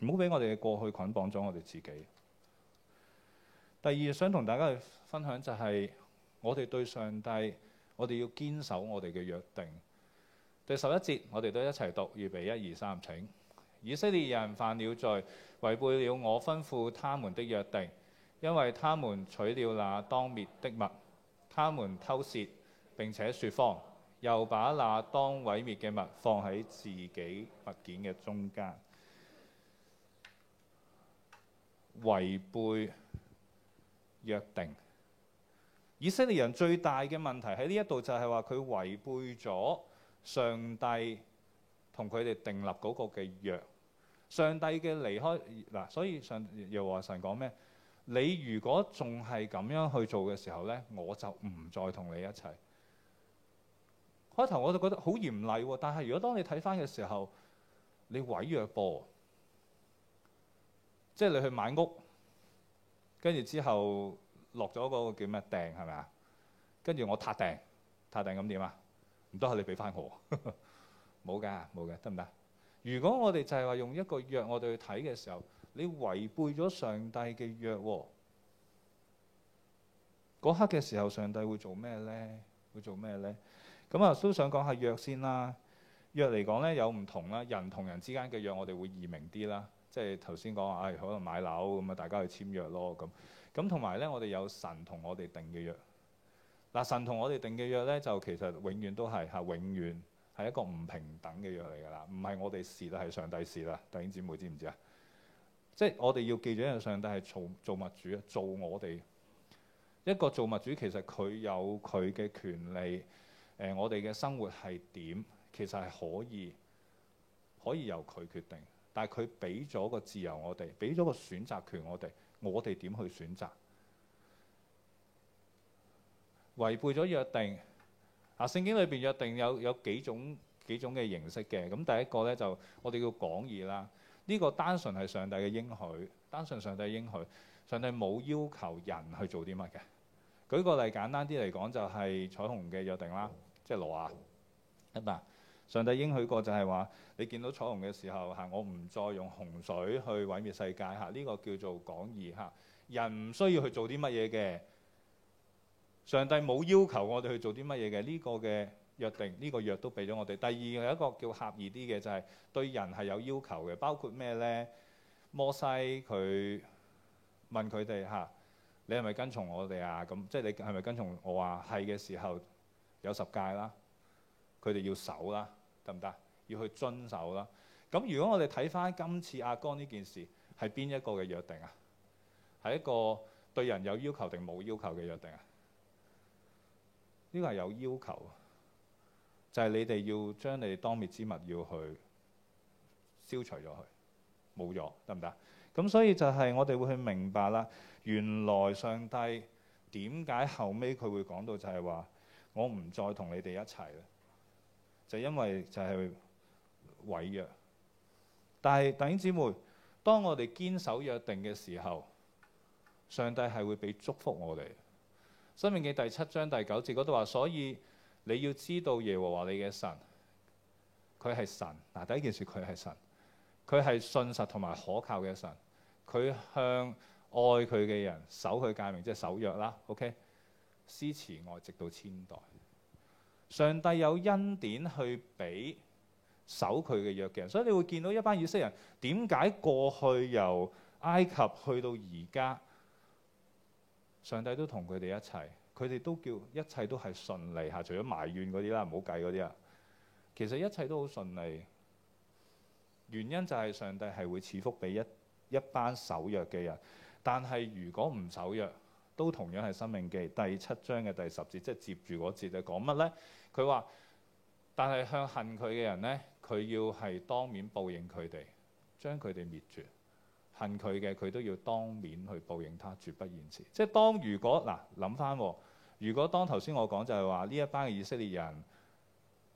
唔好俾我哋嘅過去捆綁咗我哋自己。第二，想同大家去分享就係，我哋對上帝，我哋要堅守我哋嘅約定。第十一節，我哋都一齊讀，預備一二三，請。以色列人犯了罪，違背了我吩咐他們的約定，因為他們取了那當滅的物，他們偷竊並且説謊，又把那當毀滅嘅物放喺自己物件嘅中間。違背約定，以色列人最大嘅問題喺呢一度就係話佢違背咗上帝同佢哋訂立嗰個嘅約，上帝嘅離開嗱、啊，所以上耶和華神講咩？你如果仲係咁樣去做嘅時候呢，我就唔再同你一齊。開頭我就覺得好嚴厲喎，但係如果當你睇翻嘅時候，你違約噃。即係你去買屋，跟住之後落咗嗰個叫咩訂係咪啊？跟住我撻訂撻訂咁點啊？唔得啊！你俾返我，冇噶冇嘅，得唔得？如果我哋就係話用一個約我哋去睇嘅時候，你違背咗上帝嘅約，嗰刻嘅時候上帝會做咩呢？會做咩呢？咁啊都想講下約先啦。約嚟講呢，有唔同啦，人同人之間嘅約我哋會易明啲啦。即係頭先講啊，可能買樓咁啊，大家去簽約咯咁。咁同埋呢，我哋有神同我哋定嘅約。嗱、啊，神同我哋定嘅約呢，就其實永遠都係嚇、啊，永遠係一個唔平等嘅約嚟㗎啦。唔係我哋事啦，係上帝事啦。弟兄姊妹知唔知啊？即係我哋要記住，一個上帝係做造物主啊，做我哋一個造物主。其實佢有佢嘅權利。誒、呃，我哋嘅生活係點？其實係可以可以由佢決定。但係佢俾咗個自由我哋，俾咗個選擇權我哋，我哋點去選擇？違背咗約定啊！聖經裏邊約定有有幾種幾種嘅形式嘅，咁第一個呢，就我哋叫廣義啦。呢、這個單純係上帝嘅應許，單純上帝嘅應許，上帝冇要求人去做啲乜嘅。舉個例，簡單啲嚟講，就係彩虹嘅約定啦，嗯、即係羅亞，上帝應許過就係話，你見到彩虹嘅時候嚇，我唔再用洪水去毀滅世界嚇。呢、這個叫做廣義嚇，人唔需要去做啲乜嘢嘅。上帝冇要求我哋去做啲乜嘢嘅。呢、這個嘅約定，呢、這個約都俾咗我哋。第二係一個叫狹義啲嘅，就係、是、對人係有要求嘅，包括咩呢？摩西佢問佢哋嚇，你係咪跟從我哋啊？咁即係你係咪跟從我啊？係嘅時候有十戒啦，佢哋要守啦。得唔得？要去遵守啦。咁、嗯、如果我哋睇返今次亞干呢件事，係邊一個嘅約定啊？係一個對人有要求定冇要求嘅約定啊？呢個係有要求，就係、是、你哋要將你哋當滅之物要去消除咗佢，冇咗，得唔得？咁、嗯、所以就係我哋會去明白啦。原來上帝點解後尾佢會講到就係話：我唔再同你哋一齊啦。就因為就係毀約，但係弟兄姊妹，當我哋堅守約定嘅時候，上帝係會俾祝福我哋。申命記第七章第九節嗰度話，所以你要知道耶和華你嘅神，佢係神。嗱，第一件事佢係神，佢係信實同埋可靠嘅神，佢向愛佢嘅人守佢誡命，即係守約啦。OK，施慈愛直到千代。上帝有恩典去俾守佢嘅約嘅人，所以你會見到一班以色列人點解過去由埃及去到而家，上帝都同佢哋一齊，佢哋都叫一切都係順利吓，除咗埋怨嗰啲啦，唔好計嗰啲啊，其實一切都好順利。原因就係上帝係會賜福俾一一班守約嘅人，但係如果唔守約。都同樣係《申命記》第七章嘅第十節，即係接住嗰節就講乜呢？佢話：但係向恨佢嘅人呢，佢要係當面報應佢哋，將佢哋滅絕。恨佢嘅，佢都要當面去報應他，絕不延遲。即係當如果嗱，諗、啊、翻，如果當頭先我講就係話呢一班嘅以色列人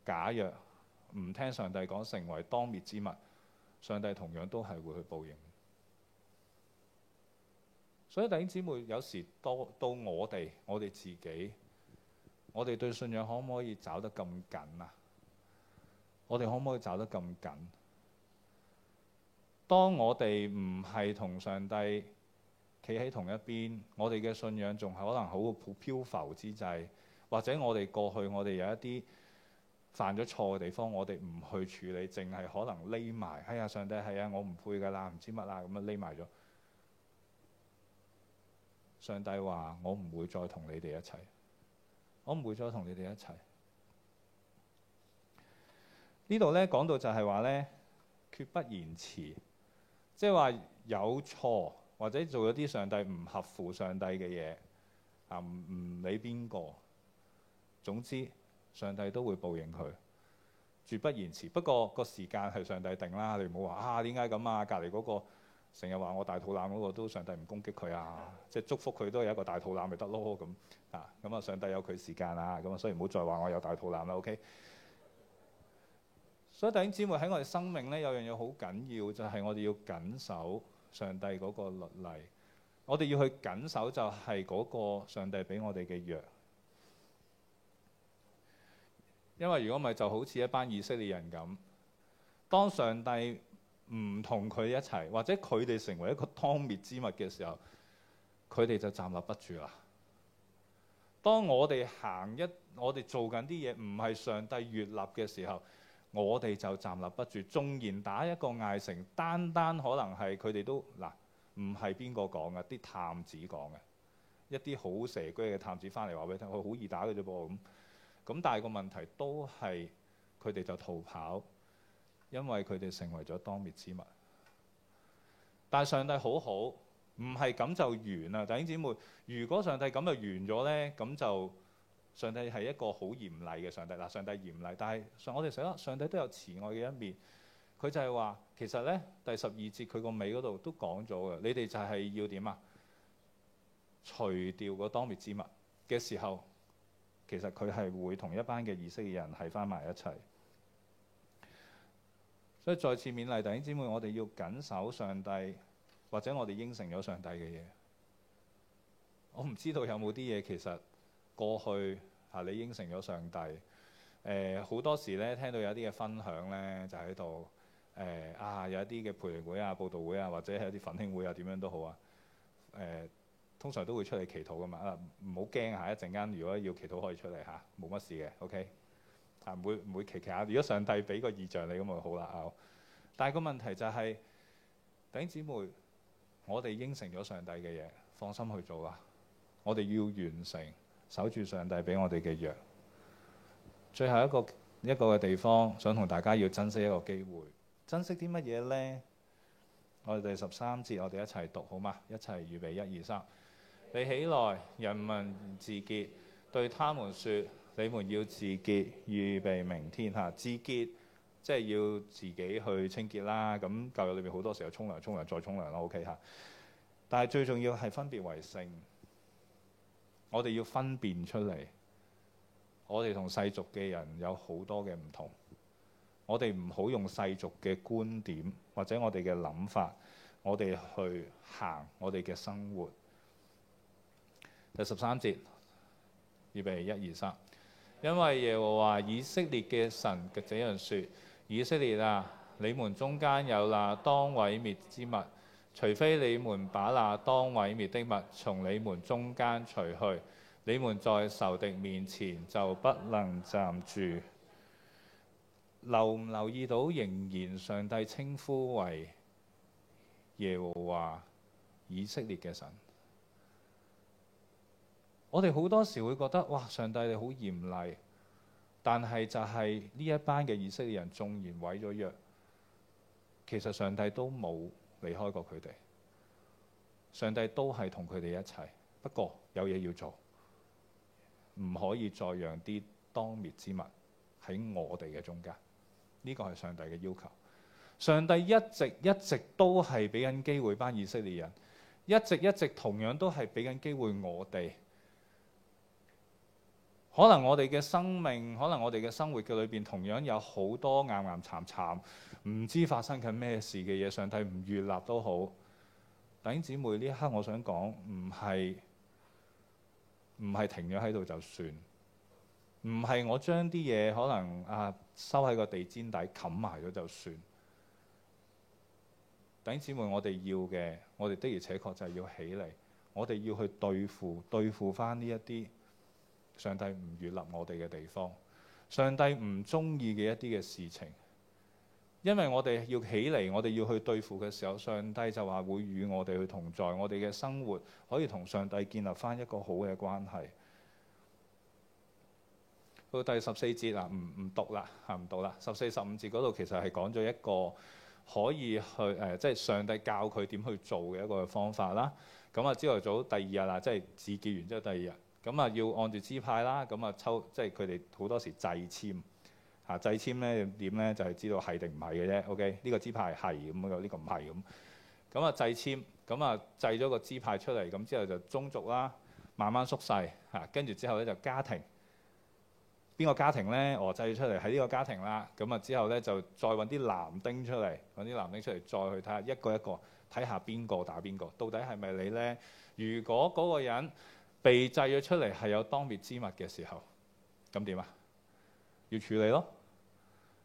假若唔聽上帝講，成為當滅之物，上帝同樣都係會去報應。所以弟兄姊妹，有時多到我哋，我哋自己，我哋對信仰可唔可以抓得咁緊啊？我哋可唔可以抓得咁緊？當我哋唔係同上帝企喺同一邊，我哋嘅信仰仲係可能好漂浮之際，或者我哋過去我哋有一啲犯咗錯嘅地方，我哋唔去處理，淨係可能匿埋。哎呀，上帝，係、哎、啊，我唔配㗎喇，唔知乜啦，咁樣匿埋咗。上帝話：我唔會再同你哋一齊，我唔會再同你哋一齊。呢度咧講到就係話呢，決不延遲，即係話有錯或者做咗啲上帝唔合乎上帝嘅嘢，啊，唔理邊個，總之上帝都會報應佢，絕不延遲。不過個時間係上帝定啦，你唔好話，啊，點解咁？啊，隔離嗰個。成日話我大肚腩嗰個都上帝唔攻擊佢啊，的即係祝福佢都有一個大肚腩咪得咯咁啊！咁啊，上帝有佢時間啊，咁啊，所以唔好再話我有大肚腩啦，OK？、嗯、所以弟兄姊妹喺我哋生命呢，有樣嘢好緊要，就係、是、我哋要緊守上帝嗰個律例，我哋要去緊守就係嗰個上帝俾我哋嘅約。因為如果唔係就好似一班以色列人咁，當上帝，唔同佢一齊，或者佢哋成為一個燜滅之物嘅時候，佢哋就站立不住啦。當我哋行一，我哋做緊啲嘢唔係上帝越立嘅時候，我哋就站立不住。縱然打一個艾城，單單可能係佢哋都嗱，唔係邊個講嘅，啲探子講嘅，一啲好蛇精嘅探子翻嚟話俾你聽，佢好易打嘅啫噃咁。咁但係個問題都係佢哋就逃跑。因為佢哋成為咗當滅之物，但係上帝好好，唔係咁就完啦。弟兄姊妹，如果上帝咁就完咗呢，咁就上帝係一個好嚴厲嘅上帝嗱。上帝嚴厲，但係我哋想啊，上帝都有慈愛嘅一面。佢就係話，其實呢，第十二節佢個尾嗰度都講咗嘅，你哋就係要點啊？除掉嗰個當滅之物嘅時候，其實佢係會同一班嘅以色列人喺返埋一齊。所以再次勉勵弟兄姊妹，我哋要謹守上帝，或者我哋應承咗上帝嘅嘢。我唔知道有冇啲嘢，其實過去啊，你應承咗上帝。誒、呃，好多時咧聽到有啲嘅分享咧，就喺度誒啊，有一啲嘅培靈會啊、佈道會啊，或者係一啲奮興會啊，點樣都好啊。誒、呃，通常都會出嚟祈禱㗎嘛。啊，唔好驚嚇，一陣間如果要祈禱可以出嚟嚇，冇、啊、乜事嘅。OK。啊，唔會唔會奇奇下？如果上帝俾個異象你，咁咪好啦。但係個問題就係，弟姊妹，我哋應承咗上帝嘅嘢，放心去做啊！我哋要完成，守住上帝俾我哋嘅約。最後一個一個嘅地方，想同大家要珍惜一個機會，珍惜啲乜嘢呢？我哋第十三節，我哋一齊讀好嘛？一齊預備，一二三，你起來，人民自潔，對他們說。你們要自潔，預備明天嚇。自潔即係要自己去清潔啦。咁教育裏面好多時候沖涼、沖涼再沖涼啦。OK 嚇。但係最重要係分別為聖。我哋要分辨出嚟，我哋同世俗嘅人有好多嘅唔同。我哋唔好用世俗嘅觀點或者我哋嘅諗法，我哋去行我哋嘅生活。第十三節，預備一二三。因為耶和華以色列嘅神嘅這樣說：以色列啊，你們中間有那當毀滅之物，除非你們把那當毀滅的物從你們中間除去，你們在仇敵面前就不能站住。留唔留意到，仍然上帝稱呼為耶和華以色列嘅神。我哋好多時會覺得，哇，上帝你好嚴厲，但係就係呢一班嘅以色列人縱然毀咗約，其實上帝都冇離開過佢哋。上帝都係同佢哋一齊，不過有嘢要做，唔可以再讓啲當滅之物喺我哋嘅中間。呢個係上帝嘅要求。上帝一直一直都係俾緊機會班以色列人，一直一直同樣都係俾緊機會我哋。可能我哋嘅生命，可能我哋嘅生活嘅裏邊，同樣有好多暗暗慘慘，唔知發生緊咩事嘅嘢，上帝唔預立都好。弟兄姊妹，呢一刻，我想講，唔係唔係停咗喺度就算，唔係我將啲嘢可能啊收喺個地氈底冚埋咗就算。弟兄姊妹，我哋要嘅，我哋的而且確就係要起嚟，我哋要去對付對付翻呢一啲。上帝唔建立我哋嘅地方，上帝唔鍾意嘅一啲嘅事情，因為我哋要起嚟，我哋要去對付嘅時候，上帝就話會與我哋去同在，我哋嘅生活可以同上帝建立返一個好嘅關係。到第十四節啦，唔唔讀啦，吓唔讀啦。十四、十五節嗰度其實係講咗一個可以去誒、呃，即係上帝教佢點去做嘅一個方法啦。咁啊，朝頭早第二日啦，即係自潔完之後第二日。咁、就是、啊，要按住支派啦，咁啊抽，即係佢哋好多時掣籤，嚇掣籤咧點咧就係、是、知道係定唔係嘅啫。OK，呢個支派係咁，有、那、呢個唔係咁。咁啊掣籤，咁啊掣咗個支派出嚟，咁之後就宗族啦，慢慢縮細嚇，跟、啊、住之後咧就家庭。邊個家庭咧？我、哦、掣出嚟喺呢個家庭啦。咁啊之後咧就再搵啲男丁出嚟，搵啲男丁出嚟再去睇下，一個一個睇下邊個打邊個，到底係咪你咧？如果嗰個人被製咗出嚟係有當滅之物嘅時候，咁點啊？要處理咯，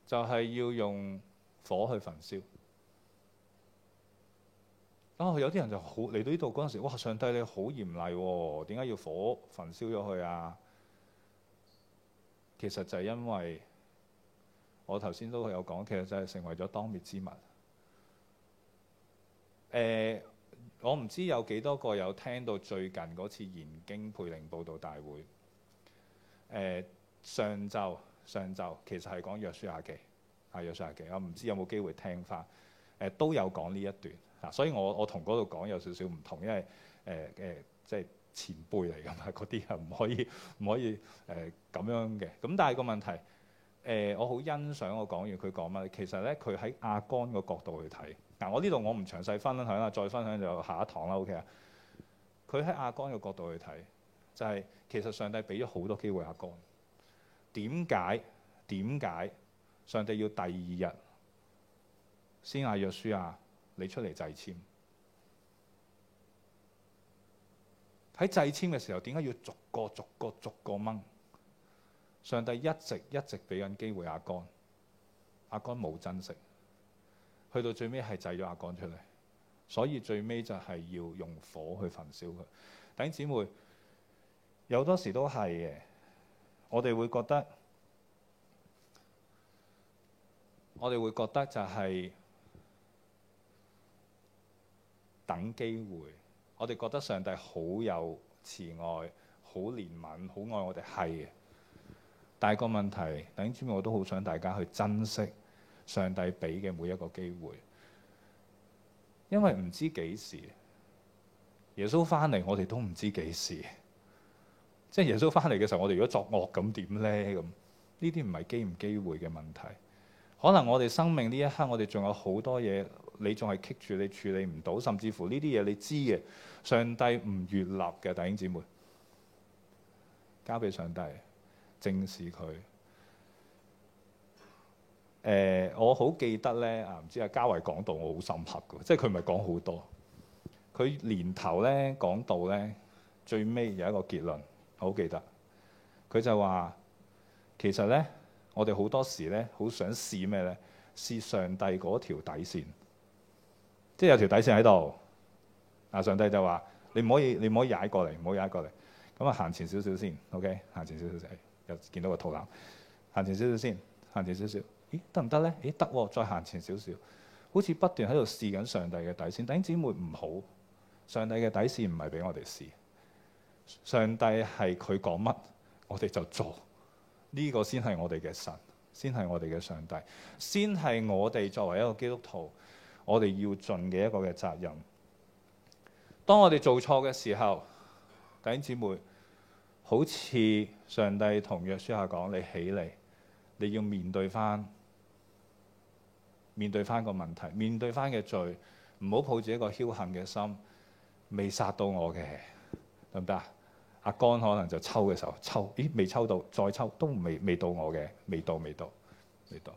就係、是、要用火去焚燒。啊，有啲人就好嚟到呢度嗰陣時，哇！上帝你好嚴厲喎、哦，點解要火焚燒咗佢啊？其實就係因為我頭先都有講，其實就係成為咗當滅之物。誒、欸。我唔知有幾多個有聽到最近嗰次研經培靈報道大會，呃、上晝上晝其實係講約書亞記，係約書亞記，我唔知有冇機會聽返、呃，都有講呢一段，嗱、啊、所以我我同嗰度講有少少唔同，因為誒、呃呃、即係前輩嚟㗎嘛，嗰啲係唔可以唔 可以誒咁、呃、樣嘅，咁但係個問題，呃、我好欣賞我講完佢講乜，其實呢，佢喺亞幹個角度去睇。嗱、啊，我呢度我唔詳細分享啦，再分享就下一堂啦。O K 啊，佢喺亞干嘅角度去睇，就係、是、其實上帝俾咗好多機會亞干。點解點解上帝要第二日先嗌約書亞、啊、你出嚟祭籤？喺祭籤嘅時候，點解要逐個逐個逐個掹？上帝一直一直俾緊機會亞干，亞干冇珍惜。去到最尾係製咗亞干出嚟，所以最尾就係要用火去焚燒佢。弟兄姊妹，有多時都係嘅，我哋會覺得，我哋會覺得就係等機會。我哋覺得上帝好有慈愛，好憐憫，好愛我哋係嘅。但係個問題，弟兄姊妹，我都好想大家去珍惜上帝俾嘅每一個機會，因為唔知幾時耶穌翻嚟，我哋都唔知幾時。即係耶穌翻嚟嘅時候，我哋如果作惡咁點呢？咁呢啲唔係機唔機會嘅問題，可能我哋生命呢一刻，我哋仲有好多嘢，你仲係棘住，你處理唔到，甚至乎呢啲嘢你知嘅，上帝唔越立嘅，弟兄姊妹，交俾上帝，正視佢。誒、呃，我好記得咧啊！唔知阿嘉偉講到我好深刻嘅，即係佢唔係講好多。佢年頭咧講到咧最尾有一個結論，好記得佢就話其實咧，我哋好多時咧好想試咩咧？試上帝嗰條底線，即係有條底線喺度啊！上帝就話你唔可以，你唔可以踩過嚟，唔好踩過嚟。咁啊，行前少少先，okay？OK，行前少少先，又、哎、見到個肚腩，行前少少先，行前少少。咦，得唔得呢？咦，得、啊，再行前少少，好似不斷喺度試緊上帝嘅底線。弟兄姊妹唔好，上帝嘅底線唔係俾我哋試，上帝係佢講乜，我哋就做，呢、這個先係我哋嘅神，先係我哋嘅上帝，先係我哋作為一個基督徒，我哋要盡嘅一個嘅責任。當我哋做錯嘅時候，弟兄姊妹，好似上帝同約書亞講：你起嚟，你要面對翻。面對翻個問題，面對翻嘅罪，唔好抱住一個僥倖嘅心，未殺到我嘅，得唔得？阿江可能就抽嘅時候抽，咦？未抽到，再抽都未未到我嘅，未到未到未到。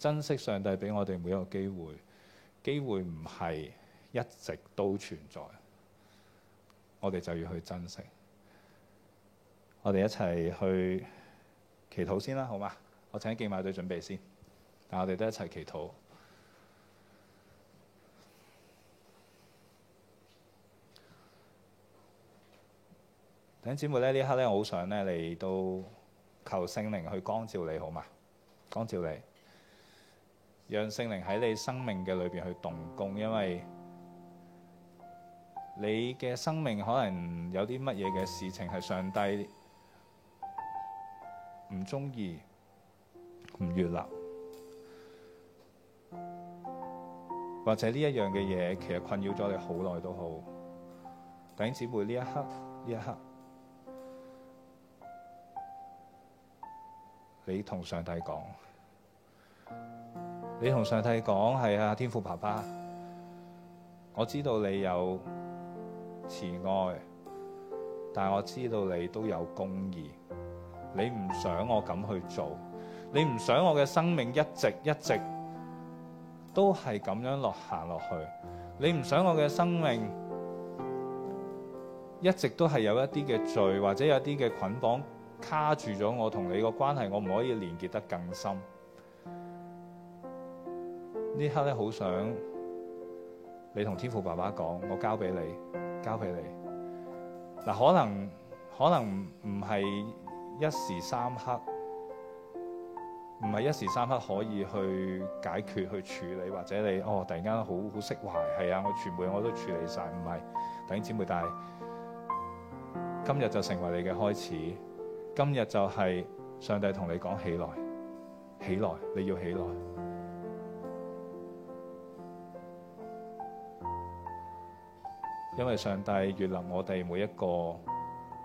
珍惜上帝俾我哋每一個機會，機會唔係一直都存在，我哋就要去珍惜。我哋一齊去祈禱先啦，好嘛？我請敬拜隊準備先，但我哋都一齊祈禱。弟姐妹呢呢刻咧，我好想咧嚟到求聖靈去光照你好嘛？光照你，讓聖靈喺你生命嘅裏邊去動工，因為你嘅生命可能有啲乜嘢嘅事情係上帝唔中意、唔悅納，或者呢一樣嘅嘢其實困擾咗你好耐都好，弟姐妹呢一刻呢一刻。你同上帝講，你同上帝講，係啊，天父爸爸，我知道你有慈愛，但係我知道你都有公義。你唔想我咁去做，你唔想我嘅生命一直一直都係咁樣落行落去，你唔想我嘅生命一直都係有一啲嘅罪，或者有一啲嘅捆綁。卡住咗我同你個關係，我唔可以連結得更深。刻呢刻咧，好想你同天父爸爸講，我交俾你，交俾你。嗱、啊，可能可能唔係一時三刻，唔係一時三刻可以去解決、去處理，或者你哦，突然間好好釋懷，係啊，我全部我都處理晒，唔係等姊妹。但係今日就成為你嘅開始。今日就係上帝同你講起來，起來，你要起來，因為上帝悅納我哋每一個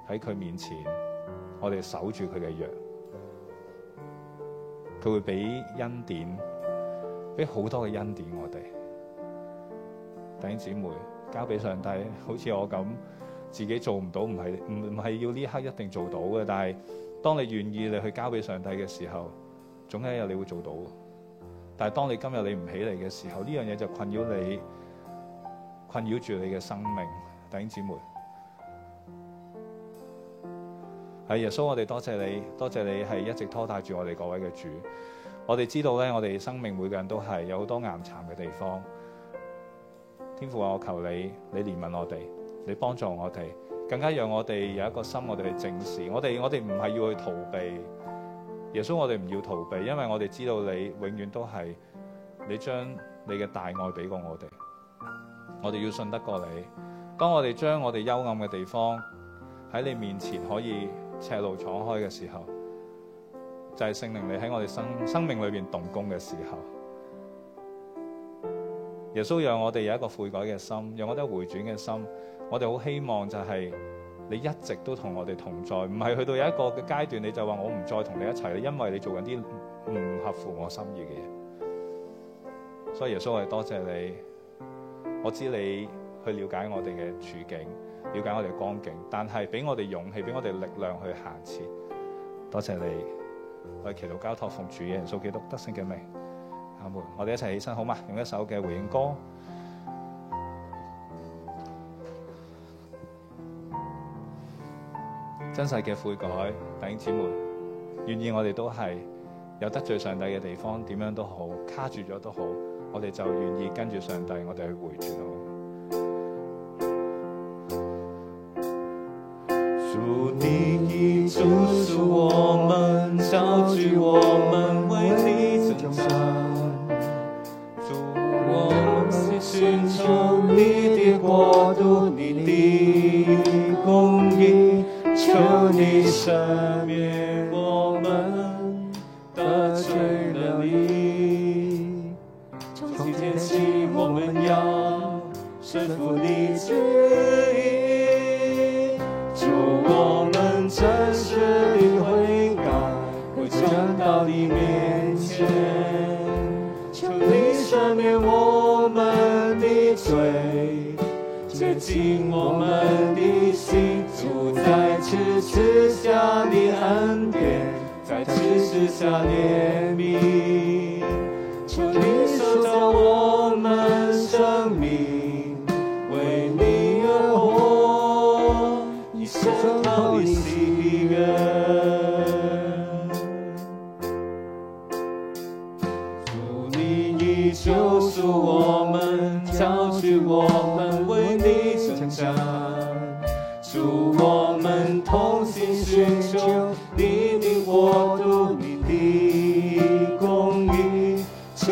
喺佢面前，我哋守住佢嘅約，佢會俾恩典，俾好多嘅恩典我哋。弟兄姊妹，交俾上帝，好似我咁。自己做唔到，唔係唔唔係要呢刻一定做到嘅。但係，當你願意你去交俾上帝嘅時候，總有一日你會做到。但係，當你今日你唔起嚟嘅時候，呢樣嘢就困擾你，困擾住你嘅生命，弟兄姊妹。係耶穌，我哋多謝你，多謝你係一直拖帶住我哋各位嘅主。我哋知道咧，我哋生命每個人都係有好多難殘嘅地方。天父啊，我求你，你憐憫我哋。你幫助我哋，更加讓我哋有一個心，我哋去正視我哋。我哋唔係要去逃避耶穌，我哋唔要逃避，因為我哋知道你永遠都係你將你嘅大愛俾過我哋。我哋要信得過你。當我哋將我哋幽暗嘅地方喺你面前可以赤露闖開嘅時候，就係聖靈你喺我哋生生命裏邊動工嘅時候。耶穌，讓我哋有一個悔改嘅心，讓我哋回轉嘅心。我哋好希望就係你一直都同我哋同在，唔係去到有一個嘅階段你就話我唔再同你一齊，因為你做緊啲唔合乎我心意嘅嘢。所以耶穌，我哋多謝你。我知你去了解我哋嘅處境，了解我哋嘅光景，但係俾我哋勇氣，俾我哋力量去行前。多謝你，我哋祈禱交託奉主嘅耶穌基督，得勝嘅名。阿門。我哋一齊起身好嘛？用一首嘅回應歌。真實嘅悔改，弟兄姊妹，願意我哋都係有得罪上帝嘅地方，點樣都好，卡住咗都好，我哋就願意跟住上帝，我哋去回轉。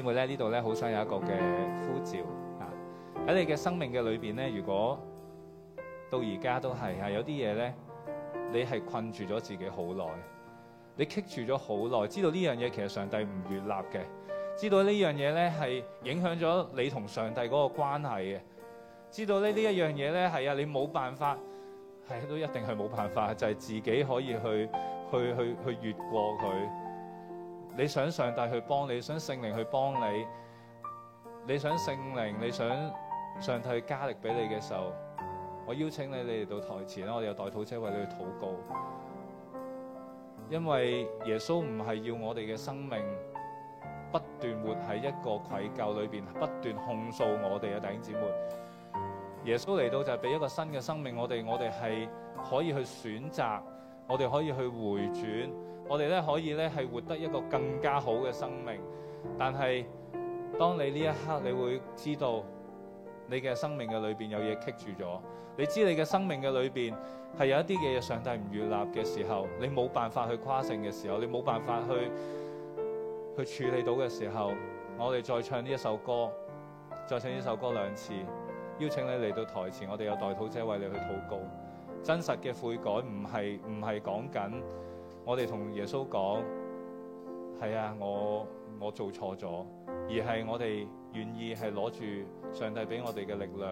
因為咧呢度咧好想有一個嘅呼召啊！喺你嘅生命嘅裏邊咧，如果到而家都係係有啲嘢咧，你係困住咗自己好耐，你棘住咗好耐，知道呢樣嘢其實上帝唔悅納嘅，知道呢樣嘢咧係影響咗你同上帝嗰個關係嘅，知道咧呢一樣嘢咧係啊你冇辦法係、哎、都一定係冇辦法，就係、是、自己可以去去去去越過佢。你想上帝去幫你，想聖靈去幫你，你想聖靈，你想上帝去加力俾你嘅時候，我邀請你哋嚟到台前啦，我哋有代禱者為你去禱告，因為耶穌唔係要我哋嘅生命不斷活喺一個愧疚裏邊，不斷控訴我哋嘅弟兄姊妹，耶穌嚟到就係俾一個新嘅生命，我哋我哋係可以去選擇，我哋可以去回轉。我哋咧可以咧係活得一個更加好嘅生命，但係當你呢一刻，你會知道你嘅生命嘅裏邊有嘢棘住咗。你知你嘅生命嘅裏邊，係有一啲嘢，上帝唔悅納嘅時候，你冇辦法去誇勝嘅時候，你冇辦法去去處理到嘅時候，我哋再唱呢一首歌，再唱呢首歌兩次，邀請你嚟到台前，我哋有代禱者為你去禱告，真實嘅悔改唔係唔係講緊。我哋同耶穌講，係啊，我我做錯咗，而係我哋願意係攞住上帝俾我哋嘅力量，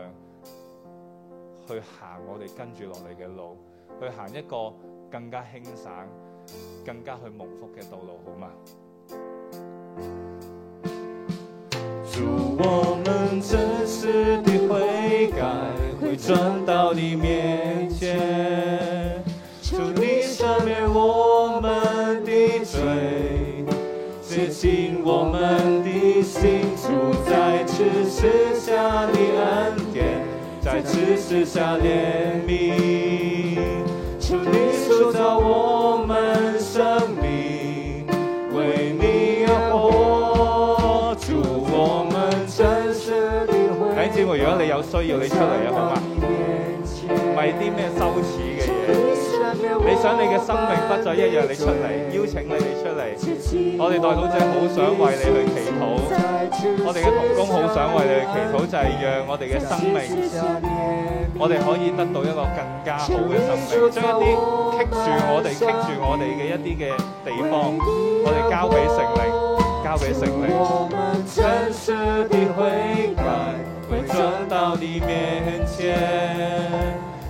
去行我哋跟住落嚟嘅路，去行一個更加輕省、更加去蒙福嘅道路，好嗎？接近我們的心，主在此施下的恩典，在此施下憐憫，求你塑造我們生命，為你而活，祝我們真實的回應。如果你有需要，你出嚟啊，好嗎？唔係啲咩羞恥嘅嘢。你想你嘅生命不再一樣，你出嚟，邀請你哋出嚟，我哋代禱者好想為你去祈禱，我哋嘅同工好想為你去祈禱，就係讓我哋嘅生命，我哋可以得到一個更加好嘅生命，將一啲棘住我哋棘住我哋嘅一啲嘅地方，我哋交俾聖靈，交俾聖靈。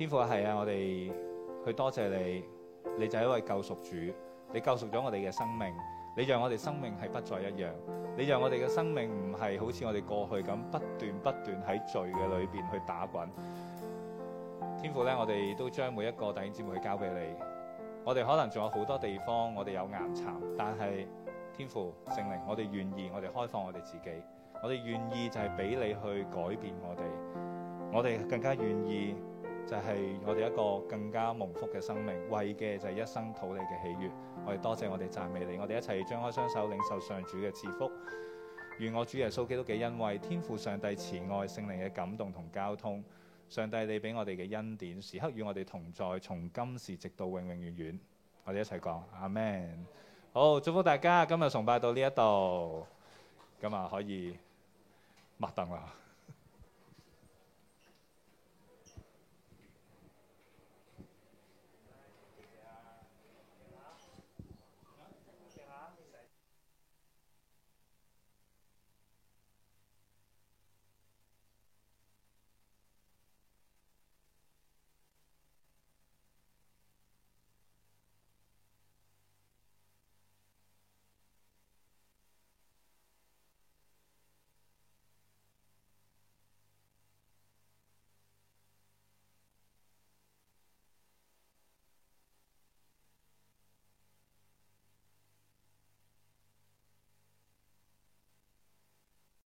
天父係啊，我哋去多謝你，你就係一位救贖主，你救贖咗我哋嘅生命，你讓我哋生命係不再一樣，你讓我哋嘅生命唔係好似我哋過去咁不斷不斷喺罪嘅裏邊去打滾。天父呢，我哋都將每一個弟兄姊妹去交俾你。我哋可能仲有好多地方，我哋有岩殘，但係天父聖靈，我哋願意，我哋開放我哋自己，我哋願意就係俾你去改變我哋，我哋更加願意。就係我哋一個更加蒙福嘅生命，為嘅就係一生討你嘅喜悅。我哋多謝我哋讚美你，我哋一齊張開雙手領受上主嘅賜福。願我主耶穌基督嘅恩惠、天父上帝慈愛、聖靈嘅感動同交通，上帝你俾我哋嘅恩典，時刻與我哋同在，從今時直到永永遠遠。我哋一齊講阿門。好，祝福大家，今日崇拜到呢一度，咁啊可以抹凳啦。